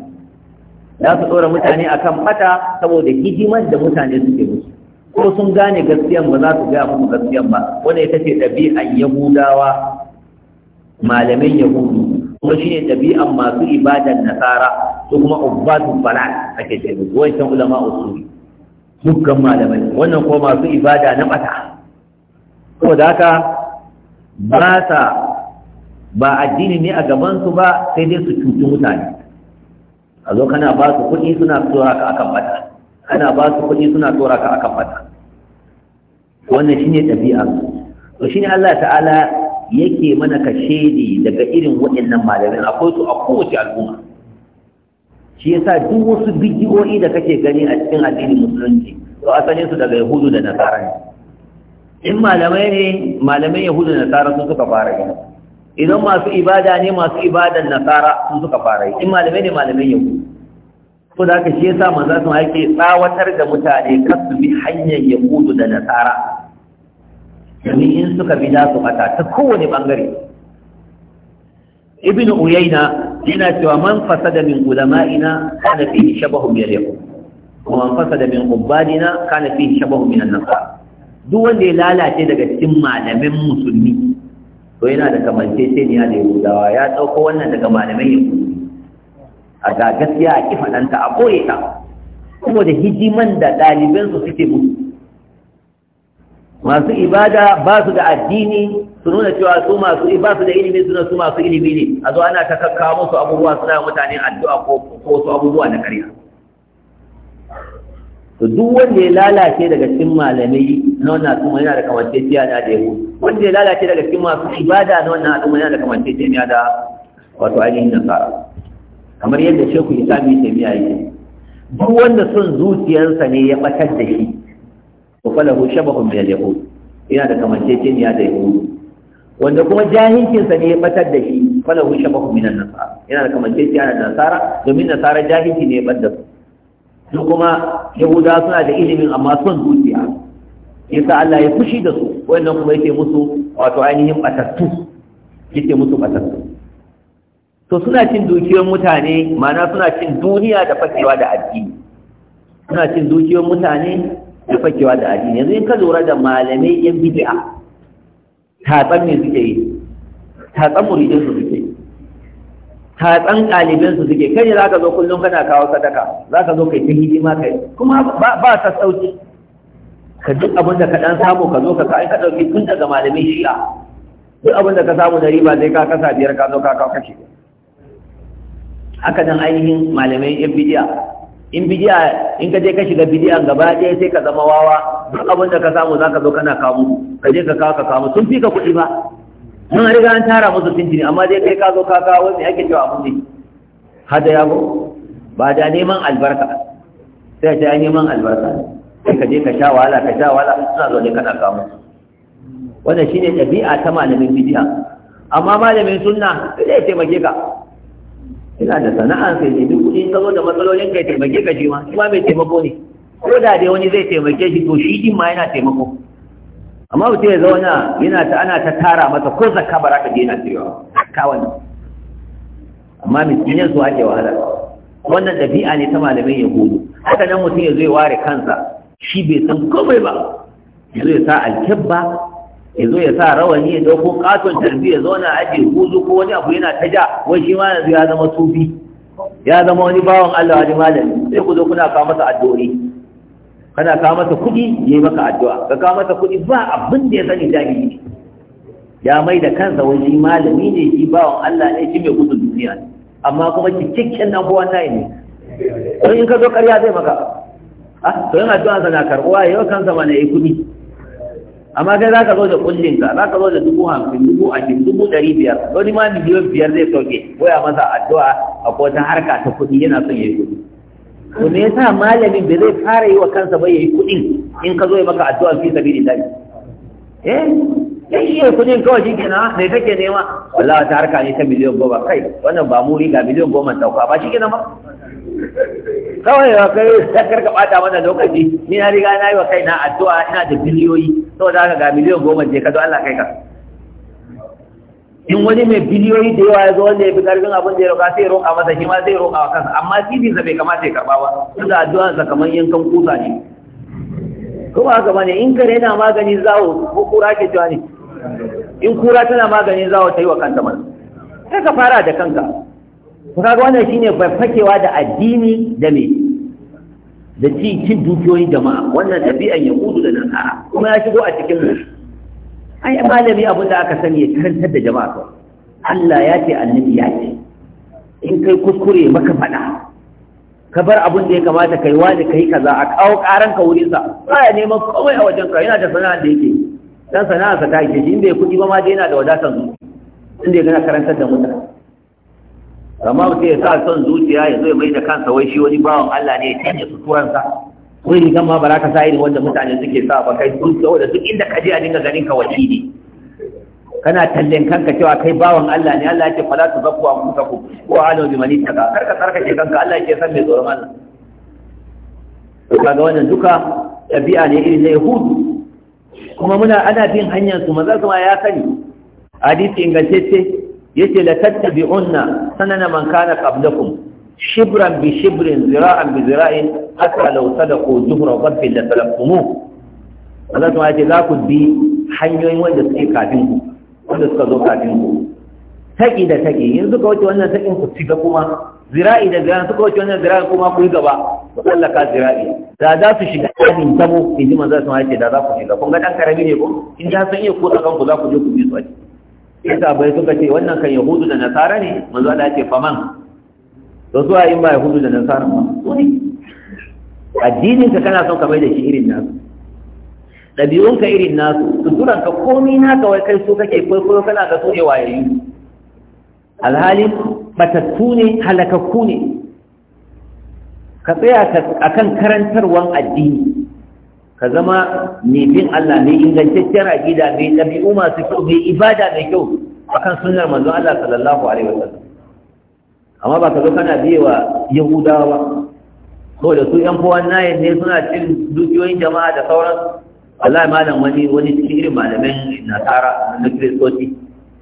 za su tsora mutane a kan fata saboda hidimar da mutane suke musu ko sun gane gaskiyan ba za su gaya musu gaskiyan ba wanda ita ce ɗabi'an yahudawa malamin yahudu kuma ne ɗabi'an masu ibadan nasara ko kuma ubbatu balad ake ce musu wancan ulama usuli dukkan malamai wannan kuma masu ibada na Ko saboda haka ba sa ba addini ne a gaban su ba sai dai su cuci mutane a zo kana ba su kuɗi suna tsora ka akan ɓata. kana ba su kuɗi suna tsora ka akan ɓata. wannan shine ɗabi'a to ne Allah ta'ala yake mana ne daga irin waɗannan malamin akwai su a kowace al'umma shi sa duk wasu bidiyoyi da kake gani a cikin addinin musulunci to asalin su daga yahudu da nasara ne in malamai ne malamai yahudu da nasara sun suka fara yi idan masu ibada ne masu ibadan nasara sun suka fara yi in malamai ne malamai yahudu ko da haka shi yasa manzo sun ake tsawatar da mutane kasu bi hanyar yahudu da nasara domin in suka bi za su bata ta kowane bangare ibn uyayna yana cewa man fasada min ulama'ina kana fihi shabahu min al-yahud wa man fasada min ubbadina kana fihi shabahu min an-nasara duk wanda ya lalace daga cikin malamin musulmi to yana da kamance ya da yahudawa ya ɗauko wannan daga malamin yahudi a ga gaskiya a kifaɗanta a ɓoye ta kuma da hijiman da ɗalibansu suke musu masu ibada ba su da addini su nuna cewa su masu ba su da ilimi suna su masu ilimi ne a zo ana ta kakkawo musu abubuwa suna mutane addu'a ko wasu abubuwa na karya to duk wanda ya lalace daga cikin malamai na wannan al'umma yana da tafiya na da yau wanda ya lalace daga cikin masu ibada na wannan al'umma yana da na da wato ainihin nasara kamar yadda shehu isa mai tafiya yake duk wanda son zuciyarsa ne ya ɓatar da shi wa falahu shabahun min yana da kamanceceniya da yahudu wanda kuma jahilcinsa ne ya batar da shi falahu shabahun min nasara yana da kamanceceniya da nasara domin nasara jahilci ne ya da su su kuma yahudawa suna da ilimin amma son zuciya yasa Allah ya fushi da su wannan kuma yake musu wato ainihin batattu yake musu batattu to suna cin dukiyoyin mutane ma'ana suna cin duniya da fakewa da addini suna cin dukiyar mutane da fakewa da addini yanzu in ka lura da malamai yan bid'a tatsan ne suke yi tatsan muridin su suke tatsan ɗaliban su suke kai za ka zo kullum kana kawo sadaka za ka zo kai ta hidima kai kuma ba ta sauki ka duk abin da ka dan samu ka zo ka kai ka ɗauki tun daga malamai shi'a duk abin da ka samu da riba zai ka kasa biyar ka zo ka kawo kashi haka nan ainihin malamai yan bid'a in bidiya in ka je ka shiga bidiya gaba ɗaya sai ka zama wawa duk abin da ka samu ka zo kana kamu ka je ka kawo ka kamu sun fi ka kuɗi ba mun riga an tara musu jini amma dai kai ka zo ka kawo wani ake cewa abun ne hada ya go ba da neman albarka sai ta yi neman albarka sai ka je ka sha wahala ka sha wahala suna zo ne kana kamu wannan shine ɗabi'a ta malamin bidiya amma malamin sunna zai taimake ka ina da sana'a sai ne duk kuɗi ka zo da matsalolin kai taimake ka shi ma shi ma mai taimako ne ko da dai wani zai taimake shi to shi din ma yana taimako amma mutum ya zauna yana ta ana ta tara masa ko zakka ba za ka daina tsirewa kawai amma miskinin su ake wahala wannan dabi'a ne ta malamin yahudu haka nan mutum ya zo ya ware kansa shi bai san komai ba ya zo ya sa alkebba ya zo ya sa rawani ya dauko katon tarbi ya zauna a ajiye guzu ko wani abu yana ta ja wai shi ma yanzu ya zama sufi ya zama wani bawan Allah wani malami sai ku zo kuna kawo masa addu'o'i kana kawo masa kuɗi ya yi maka addu'a ka kawo masa kuɗi ba abin da ya sani jami'i ya mai da kansa wani malami ne shi bawan Allah ne shi mai gudun duniya amma kuma cikakken nan ko nayi ne don in ka zo ƙarya zai maka ah to yana addu'a sana karɓuwa yau kansa mana ya yi kuɗi amma kai za ka zo da kullin ka za ka zo da dubu hamsin dubu ashirin dubu ɗari biyar wani ma miliyon biyar zai sauke koya masa addu'a a ko harka ta kuɗi yana son ya yi kuɗi to me yasa malamin bai zai fara yi wa kansa ba ya yi kuɗin in ka zo ya maka addu'a fi sabili ni eh ya kuɗin kawai shi na me kake nema wallahi ta harka ne ta miliyon goma kai wannan ba muri ga miliyon goma kwa ba shi kenan ba kawai ba kai ta karka bata mana lokaci ni na riga na yi wa kaina addu'a ina da biliyoyi da haka ga miliyan goma je ka zo Allah kai ka in wani mai biliyoyi da yawa ya zo wanda ya fi karfin abin da ya roƙa sai roƙa masa shi ma zai roƙa wa kansa amma sa bai kamata ya karɓa ba da addu'a sa kamar yankan kusa ne kuma haka bane in kare yana maganin zawo ko kura ke cewa ne in kura tana maganin zawo ta yi wa kanta mana sai ka fara da kanka kuka ga wannan shine fakewa da addini da me da ci cin dukiyoyin jama'a wannan tabi'an ya kudu da nasara kuma ya shigo a cikin nan ai malami abin da aka sani ya karantar da jama'a ko Allah ya ce annabi ya ce in kai kuskure maka faɗa ka bar abin da ya kamata kai wani kai kaza a kawo karan ka wurin sa ya neman komai a wajen ka yana da sana'a da yake dan sana'a sa ta yake inda ya kudi ba ma dai yana da wadatar su inda ya gana karantar da mutane amma mutum ya sa son zuciya ya zo ya mai da kansa wai shi wani bawan Allah ne ya canza suturansa wai rigan ma ba za ka sa irin wanda mutane suke sa ba kai sun wanda duk inda ka je a dinga ganin ka wani ne kana tallen kanka cewa kai bawan Allah ne Allah ya ce fala tuzakku anfusakum ko alu bi man ittaka kar ka ke kanka Allah ya ce san mai tsoron Allah to kaga wannan duka tabi'a ne irin na yahudu kuma muna ana bin hanyar su manzo kuma ya sani hadisi ingantacce yace la tattabi'unna sanana man kana qablakum shibran bi shibrin zira'an bi zira'in hatta law sadaqu zuhra rabbin la talaqumu Allah ta yace za ku bi hanyoyin wanda suke kafin ku wanda suka zo kafin ku taki da taki yanzu ka wuce wannan takin ku shiga kuma zira'i da zira'i suka wuce wannan zira'i kuma ku yi gaba ku tsallaka zira'i da za su shiga kafin tabo in ji manzo sun yace da za ku shiga kun ga dan karami ne ko in da san iya ku tsakan ku za ku je ku bi su a sai bai suka ce wannan kan yahudu da nasara ne manzo Allah ce faman to zuwa in ba yahudu da nasara ba su ne addinin ka kana son ka bai da shi irin nasu ɗabi'un ka irin nasu suturan ka komai ka wai kai su kake kwaikwayo kana ga su ne alhali matattu ne halakakku ne ka tsaya akan karantarwan addini ka zama nifin bin Allah mai ingantacciyar aqida mai ɗabi'u masu kyau mai ibada mai kyau akan sunnar manzo Allah sallallahu alaihi wasallam amma ba ka zo kana biye wa yahudawa ba ko da su yan fowan nayin ne suna cin dukiyoyin jama'a da sauran wallahi malam wani wani cikin irin malamin nasara na kiristoci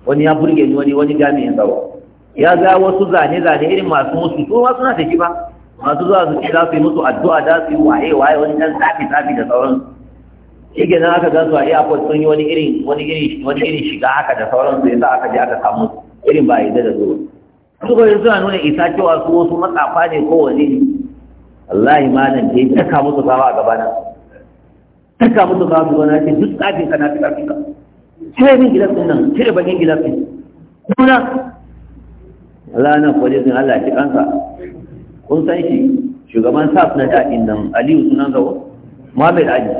wani ya burge ni wani wani jami'in zawo ya ga wasu zane zane irin masu musu su ma suna tafi ba masu zuwa su ce za su yi musu addu'a za su yi waye waye wani dan tsafi tsafi da sauran shi ke nan aka gan su a airport sun yi wani irin wani irin wani irin shiga haka da sauran su yasa aka je aka samu irin ba yadda da zuwa su ko suna nuna isa cewa su wasu matsafa ne ko wani ne wallahi malam da ta kama musu sawa a gabana taka musu tsawa su gona ce duk tsafin ka na fi ƙarfi ka cire min gilas ɗin nan cire bakin gilas ɗin Allah na kwaje Allah ya ci kansa kun san shi shugaban saf na daɗin nan aliyu sunan gawo muhammad ali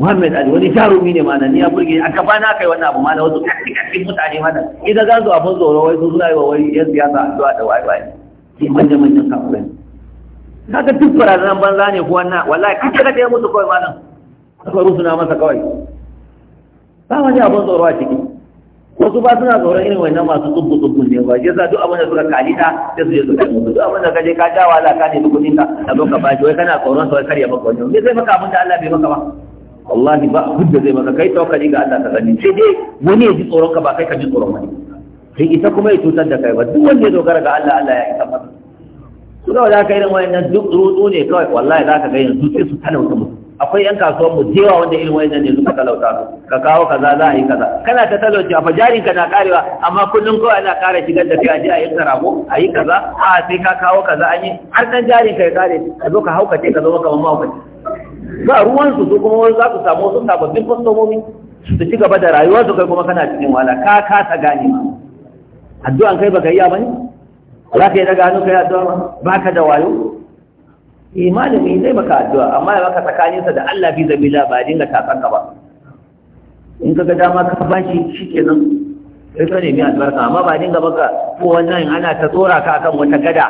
muhammad ali wani jarumi ne ma nan ya burge a gaba na kai wannan abu ma da wasu kakki mutane ma nan idan za su a fun tsoro wai su suna yi wa wai yan siyasa addu'a da wai wai shi manyan manyan kafirai kaga duk barazanan banza ne ko wannan wallahi kace ka dai mutu kawai ma nan aka rusuna masa kawai ba wani abun tsoro a ciki wasu ba suna tsoron irin wannan masu tsubbu tsubbu ne ba yasa duk abin da suka kali ta sai su je su kai duk abin da ka je ka ja wala ka ne duk kudin ka a zo ka shi wai kana tsoron sa wai kar ya maka wannan me zai maka abin da Allah bai maka ba wallahi ba abin da zai maka kai tawakkali ga Allah ka gani sai dai wani ya ji tsoron ka ba kai ka ji tsoron wani sai ita kuma ya cutar da kai ba duk wanda ya dogara ga Allah Allah ya isa masa su da wanda ka irin wayannan duk rudu ne kawai wallahi za ka ga yanzu sai su talauta musu akwai yan kasuwan mu jewa wanda irin wayannan ne suka talauta su ka kawo kaza za a yi kaza kana ta talauci a jarin ka na karewa amma kullum kawai ana kara shigar da kai a a yi karago a yi kaza a sai ka kawo kaza an yi har dan jarin ka ya kare ka zo ka haukace ka zo maka mamma haukace ba ruwan su su kuma wani za su samu wasu sababbin kwastomomi su ci gaba da rayuwa su kai kuma kana cikin wala ka kasa gane ma addu'an kai baka yi ya ne za ka yi daga hannu kai addu'a ba ka da wayo imani eh, zai maka addu'a amma ya maka tsakaninsa da Allah fi zabila ba dinga tatsanka ba in ka ga dama ka bashi nan, sai ka nemi albarka amma ba dinga baka ko wannan ana ta tsora ka akan wata gada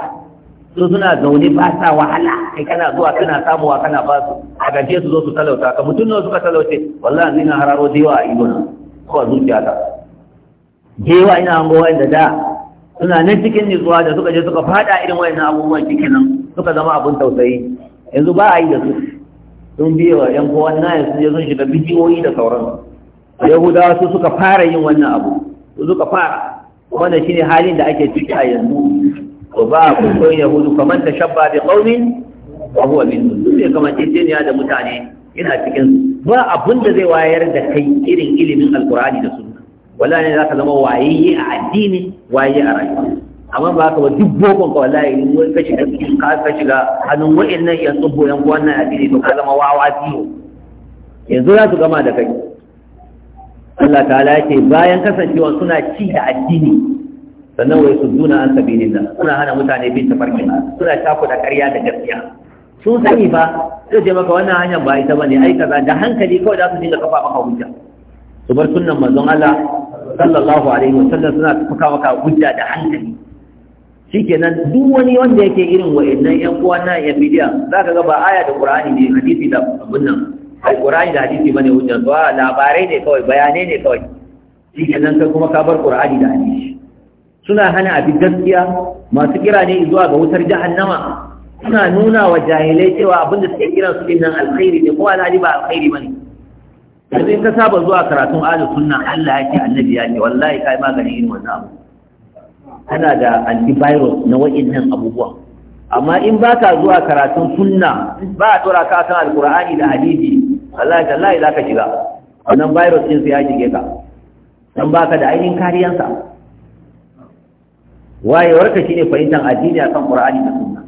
su suna zaune ba sa wahala kai kana zuwa kana samuwa kana ba su a gaje su zo su talauta ka mutum nawa suka talauce wallahi zina hararo da yawa a na ko a zuciya da yawa ina hango wanda da suna nan cikin nutsuwa da suka je suka fada irin wayannan abubuwan cikin nan suka zama abin tausayi yanzu ba a yi da su sun biye wa yan kowa na yanzu ya sun shiga bidiyoyi da sauran yahudawa su suka fara yin wannan abu su suka fara wannan ne halin da ake ciki a yanzu ko ba a kwaikwayon yahudu kamar ta shabba da ƙaunin wa huwa min su ne kamar da mutane yana cikin ba abun da zai wayar da kai irin ilimin alkurani da sunna wala ne za ka zama wayayye a addini waye a rayuwa amma ba haka ba duk bokon ka wallahi in wani ka shiga cikin ka ka shiga hannun wa'annan yan tsubbo yan wannan addini to ka zama wawa biyu yanzu za su gama da kai Allah ta'ala yake bayan kasancewa suna ci da addini sannan wai su duna an sabilillah suna hana mutane bin tafarkin suna taku da ƙarya da gaskiya sun sani ba zai je maka wannan hanyar ba ita bane ai kaza da hankali kawai za su dinga kafa maka hujja su bar sunnan manzon Allah sallallahu alaihi wa sallam suna kafa maka hujja da hankali shikenan duk wani wanda yake irin wa'annan yan uwa na yan bidiya zaka ga ba aya da qur'ani ne hadisi da abun nan ai qur'ani da hadisi bane hujja ba labarai ne kawai bayanai ne kawai shikenan kai kuma ka bar qur'ani da hadisi suna hana abin gaskiya masu kira ne zuwa ga wutar jahannama suna nuna wa jahilai cewa abin da suke kiran su dinnan alkhairi ne ko alhali ba alkhairi bane yanzu in ka saba zuwa karatun ahlus sunna Allah ya ce annabi ya ce wallahi kai maganin irin wannan abu kana da antivirus na nan abubuwa amma in ka zuwa karatun sunna ba a tura ka kan alkur'ani da hadisi wallahi za zaka shiga wannan virus din sai ya shige ka dan baka da ainihin kariyansa wayewar ka shine fahimtar addini akan qur'ani da sunna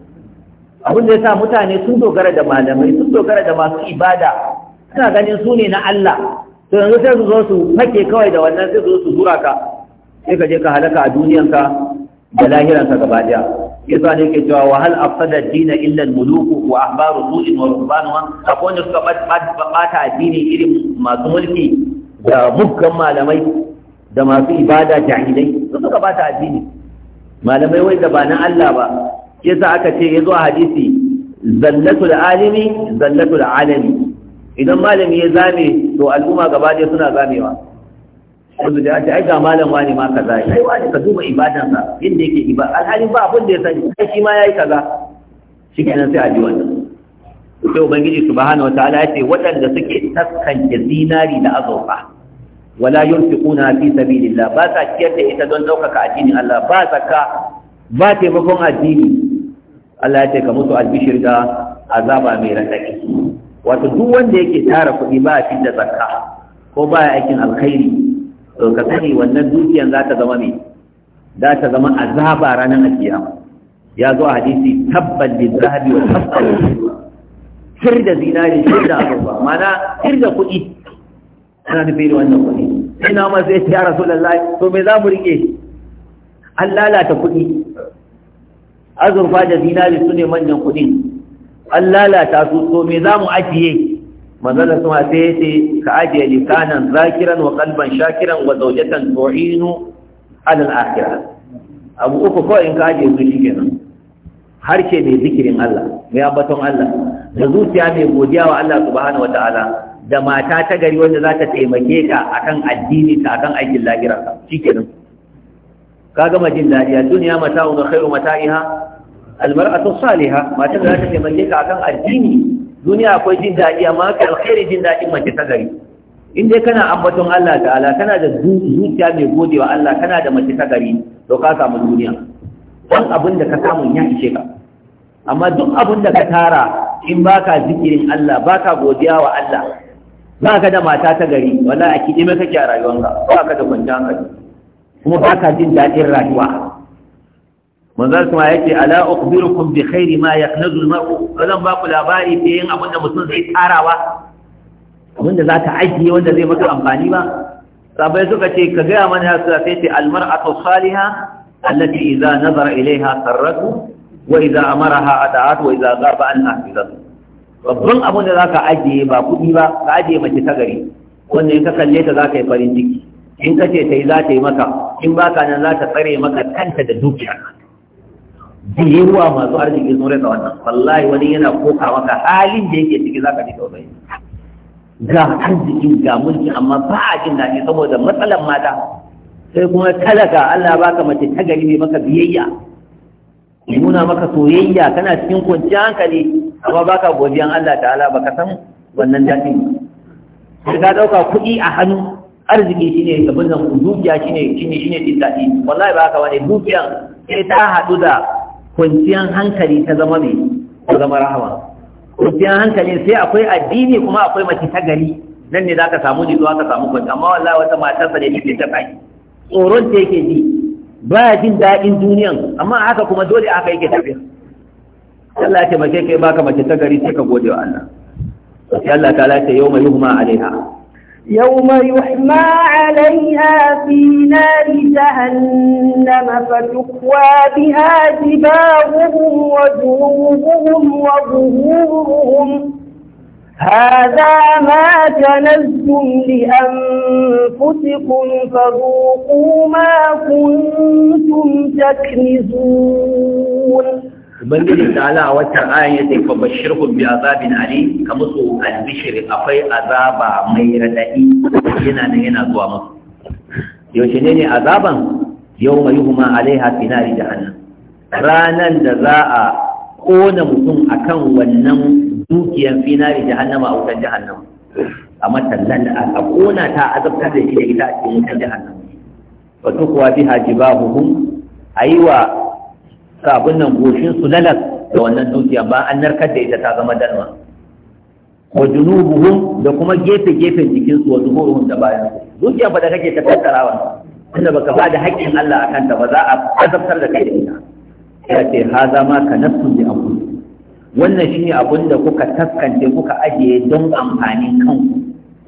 abin da yasa mutane sun dogara da malamai sun dogara da masu ibada suna ganin su ne na Allah to yanzu sai su zo su fake kawai da wannan sai su zo su zura ka sai ka je ka halaka a duniyanka da lahiranka gaba daya yasa ne ke cewa wa hal afsada dina illa al wa ahbaru su'in wa rubbanu akwai wanda suka bata addini irin masu mulki da muggan malamai da masu ibada jahilai su suka bata addini malamai wai da ba na Allah ba yasa aka ce yazo a hadisi zallatul alimi zallatul alimi. idan malami ya zame to al'umma gaba ɗaya suna zamewa yanzu da ake aika malam wani ma kaza kai wani ka duba ibadansa inda yake ibada alhali ba abin da ya sani kai shi ma yayi kaza shikenan sai a ji wannan sai ubangiji subhanahu wataala ya ce waɗanda suke taskance zinari da azurfa wala yunfiquna fi sabilillah ba sa ciyar da ita don ɗaukaka addinin Allah ba zakka ba taimakon addini Allah ya ce ka musu albishir da azaba mai radadi wato duk wanda yake tara kuɗi ba a da zakka ko ba ya aikin alkhairi to ka sani wannan dukiyan za ta zama me za ta zama azaba ranar alkiyama ya zo a hadisi tabban lil zahabi wa fasal sir da zinari sir da azaba mana sir da kuɗi ana nufi da wannan kuɗi ina ma sai ya rasulullahi to me za mu rike an lalata kuɗi azurfa da zinari su ne manyan kuɗin an lalata su to me za mu ajiye manzala sun hafe ce ka ajiye likanan zakiran wa kalban shakiran wa zaujatan tu'inu alal akhirah abu uku kawai in ka ajiye su shi kenan harshe mai zikirin Allah mai ambaton Allah da zuciya mai godiya wa Allah subhanahu wataala da mata ta gari wanda za ta taimake ka akan addini ta akan aikin lahira shi kenan ka gama jin dadiya duniya mata'u khairu mata'iha almar'atu salihah mata da za ta taimake ka akan addini duniya akwai jin daɗi amma ka alkhairi jin daɗin mace ta gari in dai kana ambaton Allah ta'ala kana da zuciya mai gode wa Allah kana da mace ta gari to ka samu duniya Wani abin da ka samu ya ishe ka amma duk abin da ka tara in baka zikirin Allah baka godiya wa Allah baka da mata ta gari wala a mai maka a rayuwanka baka da kwanciyar hankali kuma baka jin daɗin rayuwa manzal kuma yake ala ukhbirukum bi khairi ma yaqnadu al-mar'u zan ba ku labari da yin abin da mutum zai tarawa abin da zaka ajiye wanda zai maka amfani ba sabai suka ce ka ga mana su sai ce al-mar'atu salihah allati idza nazara ilaiha sarratu wa idza amaraha ata'at wa idza ghaba an ahfizat babban abin da zaka ajiye ba kuɗi ba ka ajiye mace ta gari wanda in ka kalle ta za ka yi farin ciki in ka ce yi za ta yi maka in baka nan za ta tsare maka kanta da dukiya. da yawa masu arziki sun rasa wannan wallahi wani yana koka maka halin da yake ciki zaka ji tausayi ga arzikin ga mulki amma ba a jin daɗi saboda matsalar mata sai kuma talaka Allah baka mace ta gari mai maka biyayya nuna maka soyayya kana cikin kwanciyar hankali amma baka godiyan Allah ta'ala baka san wannan daɗin sai ka ɗauka kuɗi a hannu arziki shine abin nan dukiya shine shine shine din daɗi wallahi ba haka bane dukiyan sai ta haɗu da kwanciyar hankali ta zama mai ta zama rahama kwanciyar hankali sai akwai addini kuma akwai mace ta gari nan ne za ka samu jituwa ka samu kwanci amma wallahi wata sa ne take ta tsaki tsoron ta yake ji ba jin daɗin duniyan amma haka kuma dole haka yake tafiya Allah ya mace kai baka mace ta gari sai ka gode wa Allah sai Allah ta lafiya yau mai yuhuma alaiha يوم يحمى عليها في نار جهنم فتكوى بها جباههم وجنوبهم وظهورهم هذا ما كنزتم لأنفسكم فذوقوا ما كنتم تكنزون ubangiji ta ala a watan ayan ya ce fa bashirhum bi azabin ali ka musu albishir akwai azaba mai radadi yana nan yana zuwa musu yaushe ne ne azaban yau mai huma alaiha finari jahannam ranan da za a kona mutum kan wannan dukiyar finari jahannama a wutar hannu a matallan da a kona ta azabtar da shi da ita a cikin wutar jahannama hajiba tukwa biha jibahuhum aiwa ka abin nan goshin su lalas da wannan dukiya ba an narkar da ita ta zama dalma wa junubuhum da kuma gefe gefen jikin su wa zuhuruhum da bayan su dukiya fa da kake ta tattarawa inda baka ba da haƙƙin Allah akan ta ba za a azabtar da kai da ita ya ce haza ma ka nafsu bi abu wannan shine abin da kuka taskance kuka ajiye don amfanin kanku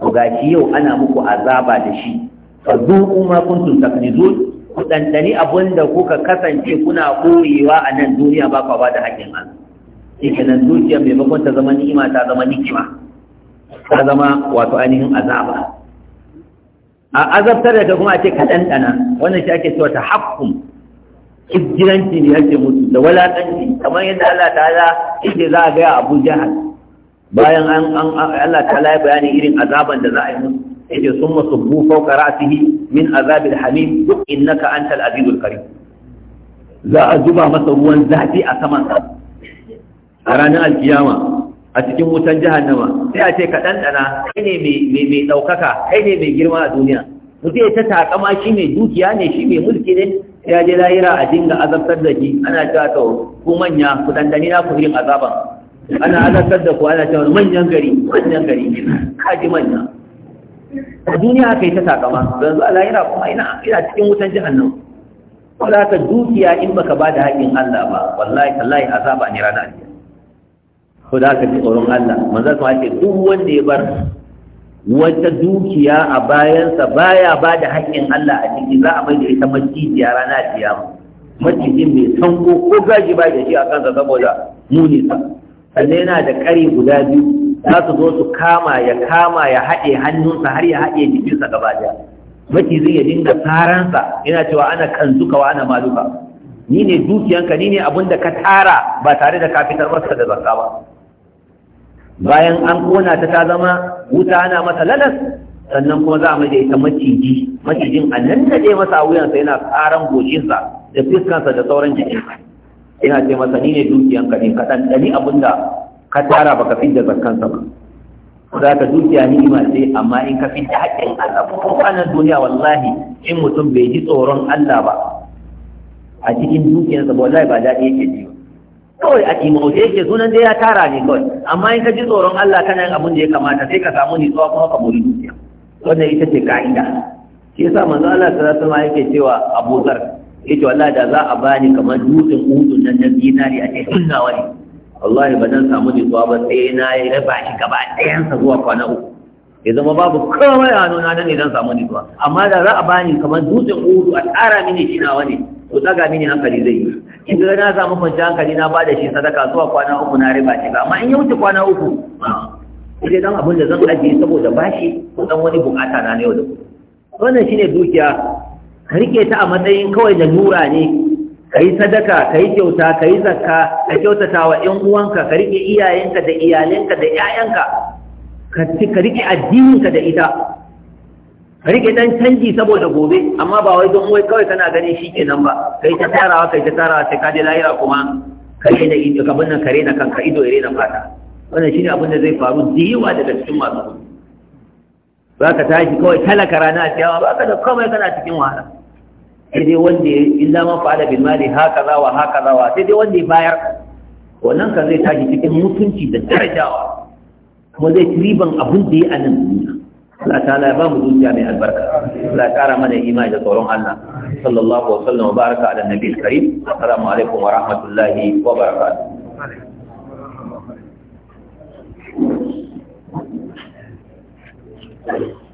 to gashi yau ana muku azaba da shi fa zuqu ma kuntum taknizun ku ɗanɗani abin da kuka kasance kuna koyewa a nan duniya ba ku ba da haƙƙin ba shi kenan zuciya maimakon ta zama ni'ima ta zama nikima ta zama wato ainihin azaba a azabtar da ta kuma a ce ka ɗanɗana wannan shi ake cewa ta haƙƙun ƙirgiranci ne ake mutu da walaƙanci kamar yadda Allah ta'ala yake za a gaya abu jihar bayan Allah ta'ala ya bayani irin azaban da za a yi musu yake summa subbu fawqa ra'sihi min azabil hamim duk innaka al azizul karim za a zuba masa ruwan zafi a saman sa a ranar alkiyama a cikin wutan jahannama sai a ce ka ɗanɗana kai ne mai ɗaukaka kai ne mai girma a duniya mutum ya ta takama shi mai dukiya ne shi mai mulki ne ya je lahira a dinga azabtar da shi ana cewa to ku manya ku dandani na ku irin azaban ana azabtar da ku ana cewa manyan gari manyan gari ka ji manya a duniya kai ta takama don zuwa yana kuma ina cikin wutan jihannan za ka dukiya in baka ba da haƙin Allah ba wallahi tallahi azaba ne rana ne ko da ka ji tsoron Allah manzo kuma ce duk wanda ya bar wata dukiya a bayansa baya ba da haƙin Allah a cikin za a mai da ita macijiya rana kiyama macijin mai san ko ko gaji ba da shi a kansa saboda muni sa sannan yana da ƙari guda biyu za su zo su kama ya kama ya haɗe hannunsa har ya haɗe jikinsa gaba maki zai ya dinga taransa yana cewa ana kanzuka wa ana maluka ni ne dukiyanka ni ne abin da ka tara ba tare da ka fitar masa da zaka ba bayan an kona ta ta zama wuta ana masa lalas sannan kuma za a mai da ita maciji macijin a nan da ɗaya masa wuyansa yana tsaran goshinsa da fiskansa da sauran jikinsa yana ce masa ni ne dukiyanka ne ka ɗanɗani abin da ka tara baka fidda zakkansa ba za ka dukiya ni'ima sai amma in ka fidda haƙƙin Allah ko kwanan duniya wallahi in mutum bai ji tsoron Allah ba a cikin dukiyarsa ba wallahi ba daɗi yake ji kawai a timauta yake sunan dai ya tara ne kawai amma in ka ji tsoron Allah kana yin abin da ya kamata sai ka samu tsawon kuma ka buri dukiya wannan ita ce ka'ida shi yasa manzo Allah sallallahu alaihi wasallam yake cewa Abu Zar yace wallahi da za a bani kamar dutsen udun nan na dinari a cikin nawa ne wallahi ba zan samu nutsuwa ba sai na yi raba shi gaba ɗayansa zuwa kwana uku ya zama babu kawai a nuna nan ne zan samu nutsuwa amma da za a bani kamar dutsen uhudu a tsara mini shi nawa ne ko tsaga mini hankali zai yi in ga na samu kwanci hankali na ba da shi sadaka zuwa kwana uku na riba shi ba amma in ya wuce kwana uku sai dan abin da zan ajiye saboda bashi ko dan wani bukata na yau da wannan shine dukiya rike ta a matsayin kawai da lura ne ka yi sadaka ka yi kyauta ka yi zakka ka kyautata wa ‘yan uwanka ka riƙe iyayenka da iyalenka da ‘ya'yanka ka riƙe addininka da ita ka riƙe ɗan canji saboda gobe amma ba wai don wai kawai kana ganin shi kenan ba ka yi ta tarawa ka yi ta tarawa sai ka je lahira kuma ka yi da ido ka binnan kare na kanka ido ya rena fata wannan shine abin da zai faru da daga cikin masu za ka tashi kawai talaka rana a ciyawa ba ka da kawai kana cikin wahala sai dai wanda ya illa ma fa'ala bin mali haka zawa haka zawa sai dai wanda ya bayar wannan ka zai tashi cikin mutunci da darajawa kuma zai ci riban abin da ya a nan duniya Allah ta'ala ba mu zuciya mai albarka Allah ya kara mana imani da tsoron Allah sallallahu alaihi wa sallam wa baraka ala nabiyil karim assalamu alaikum wa rahmatullahi wa barakatuh Thank you.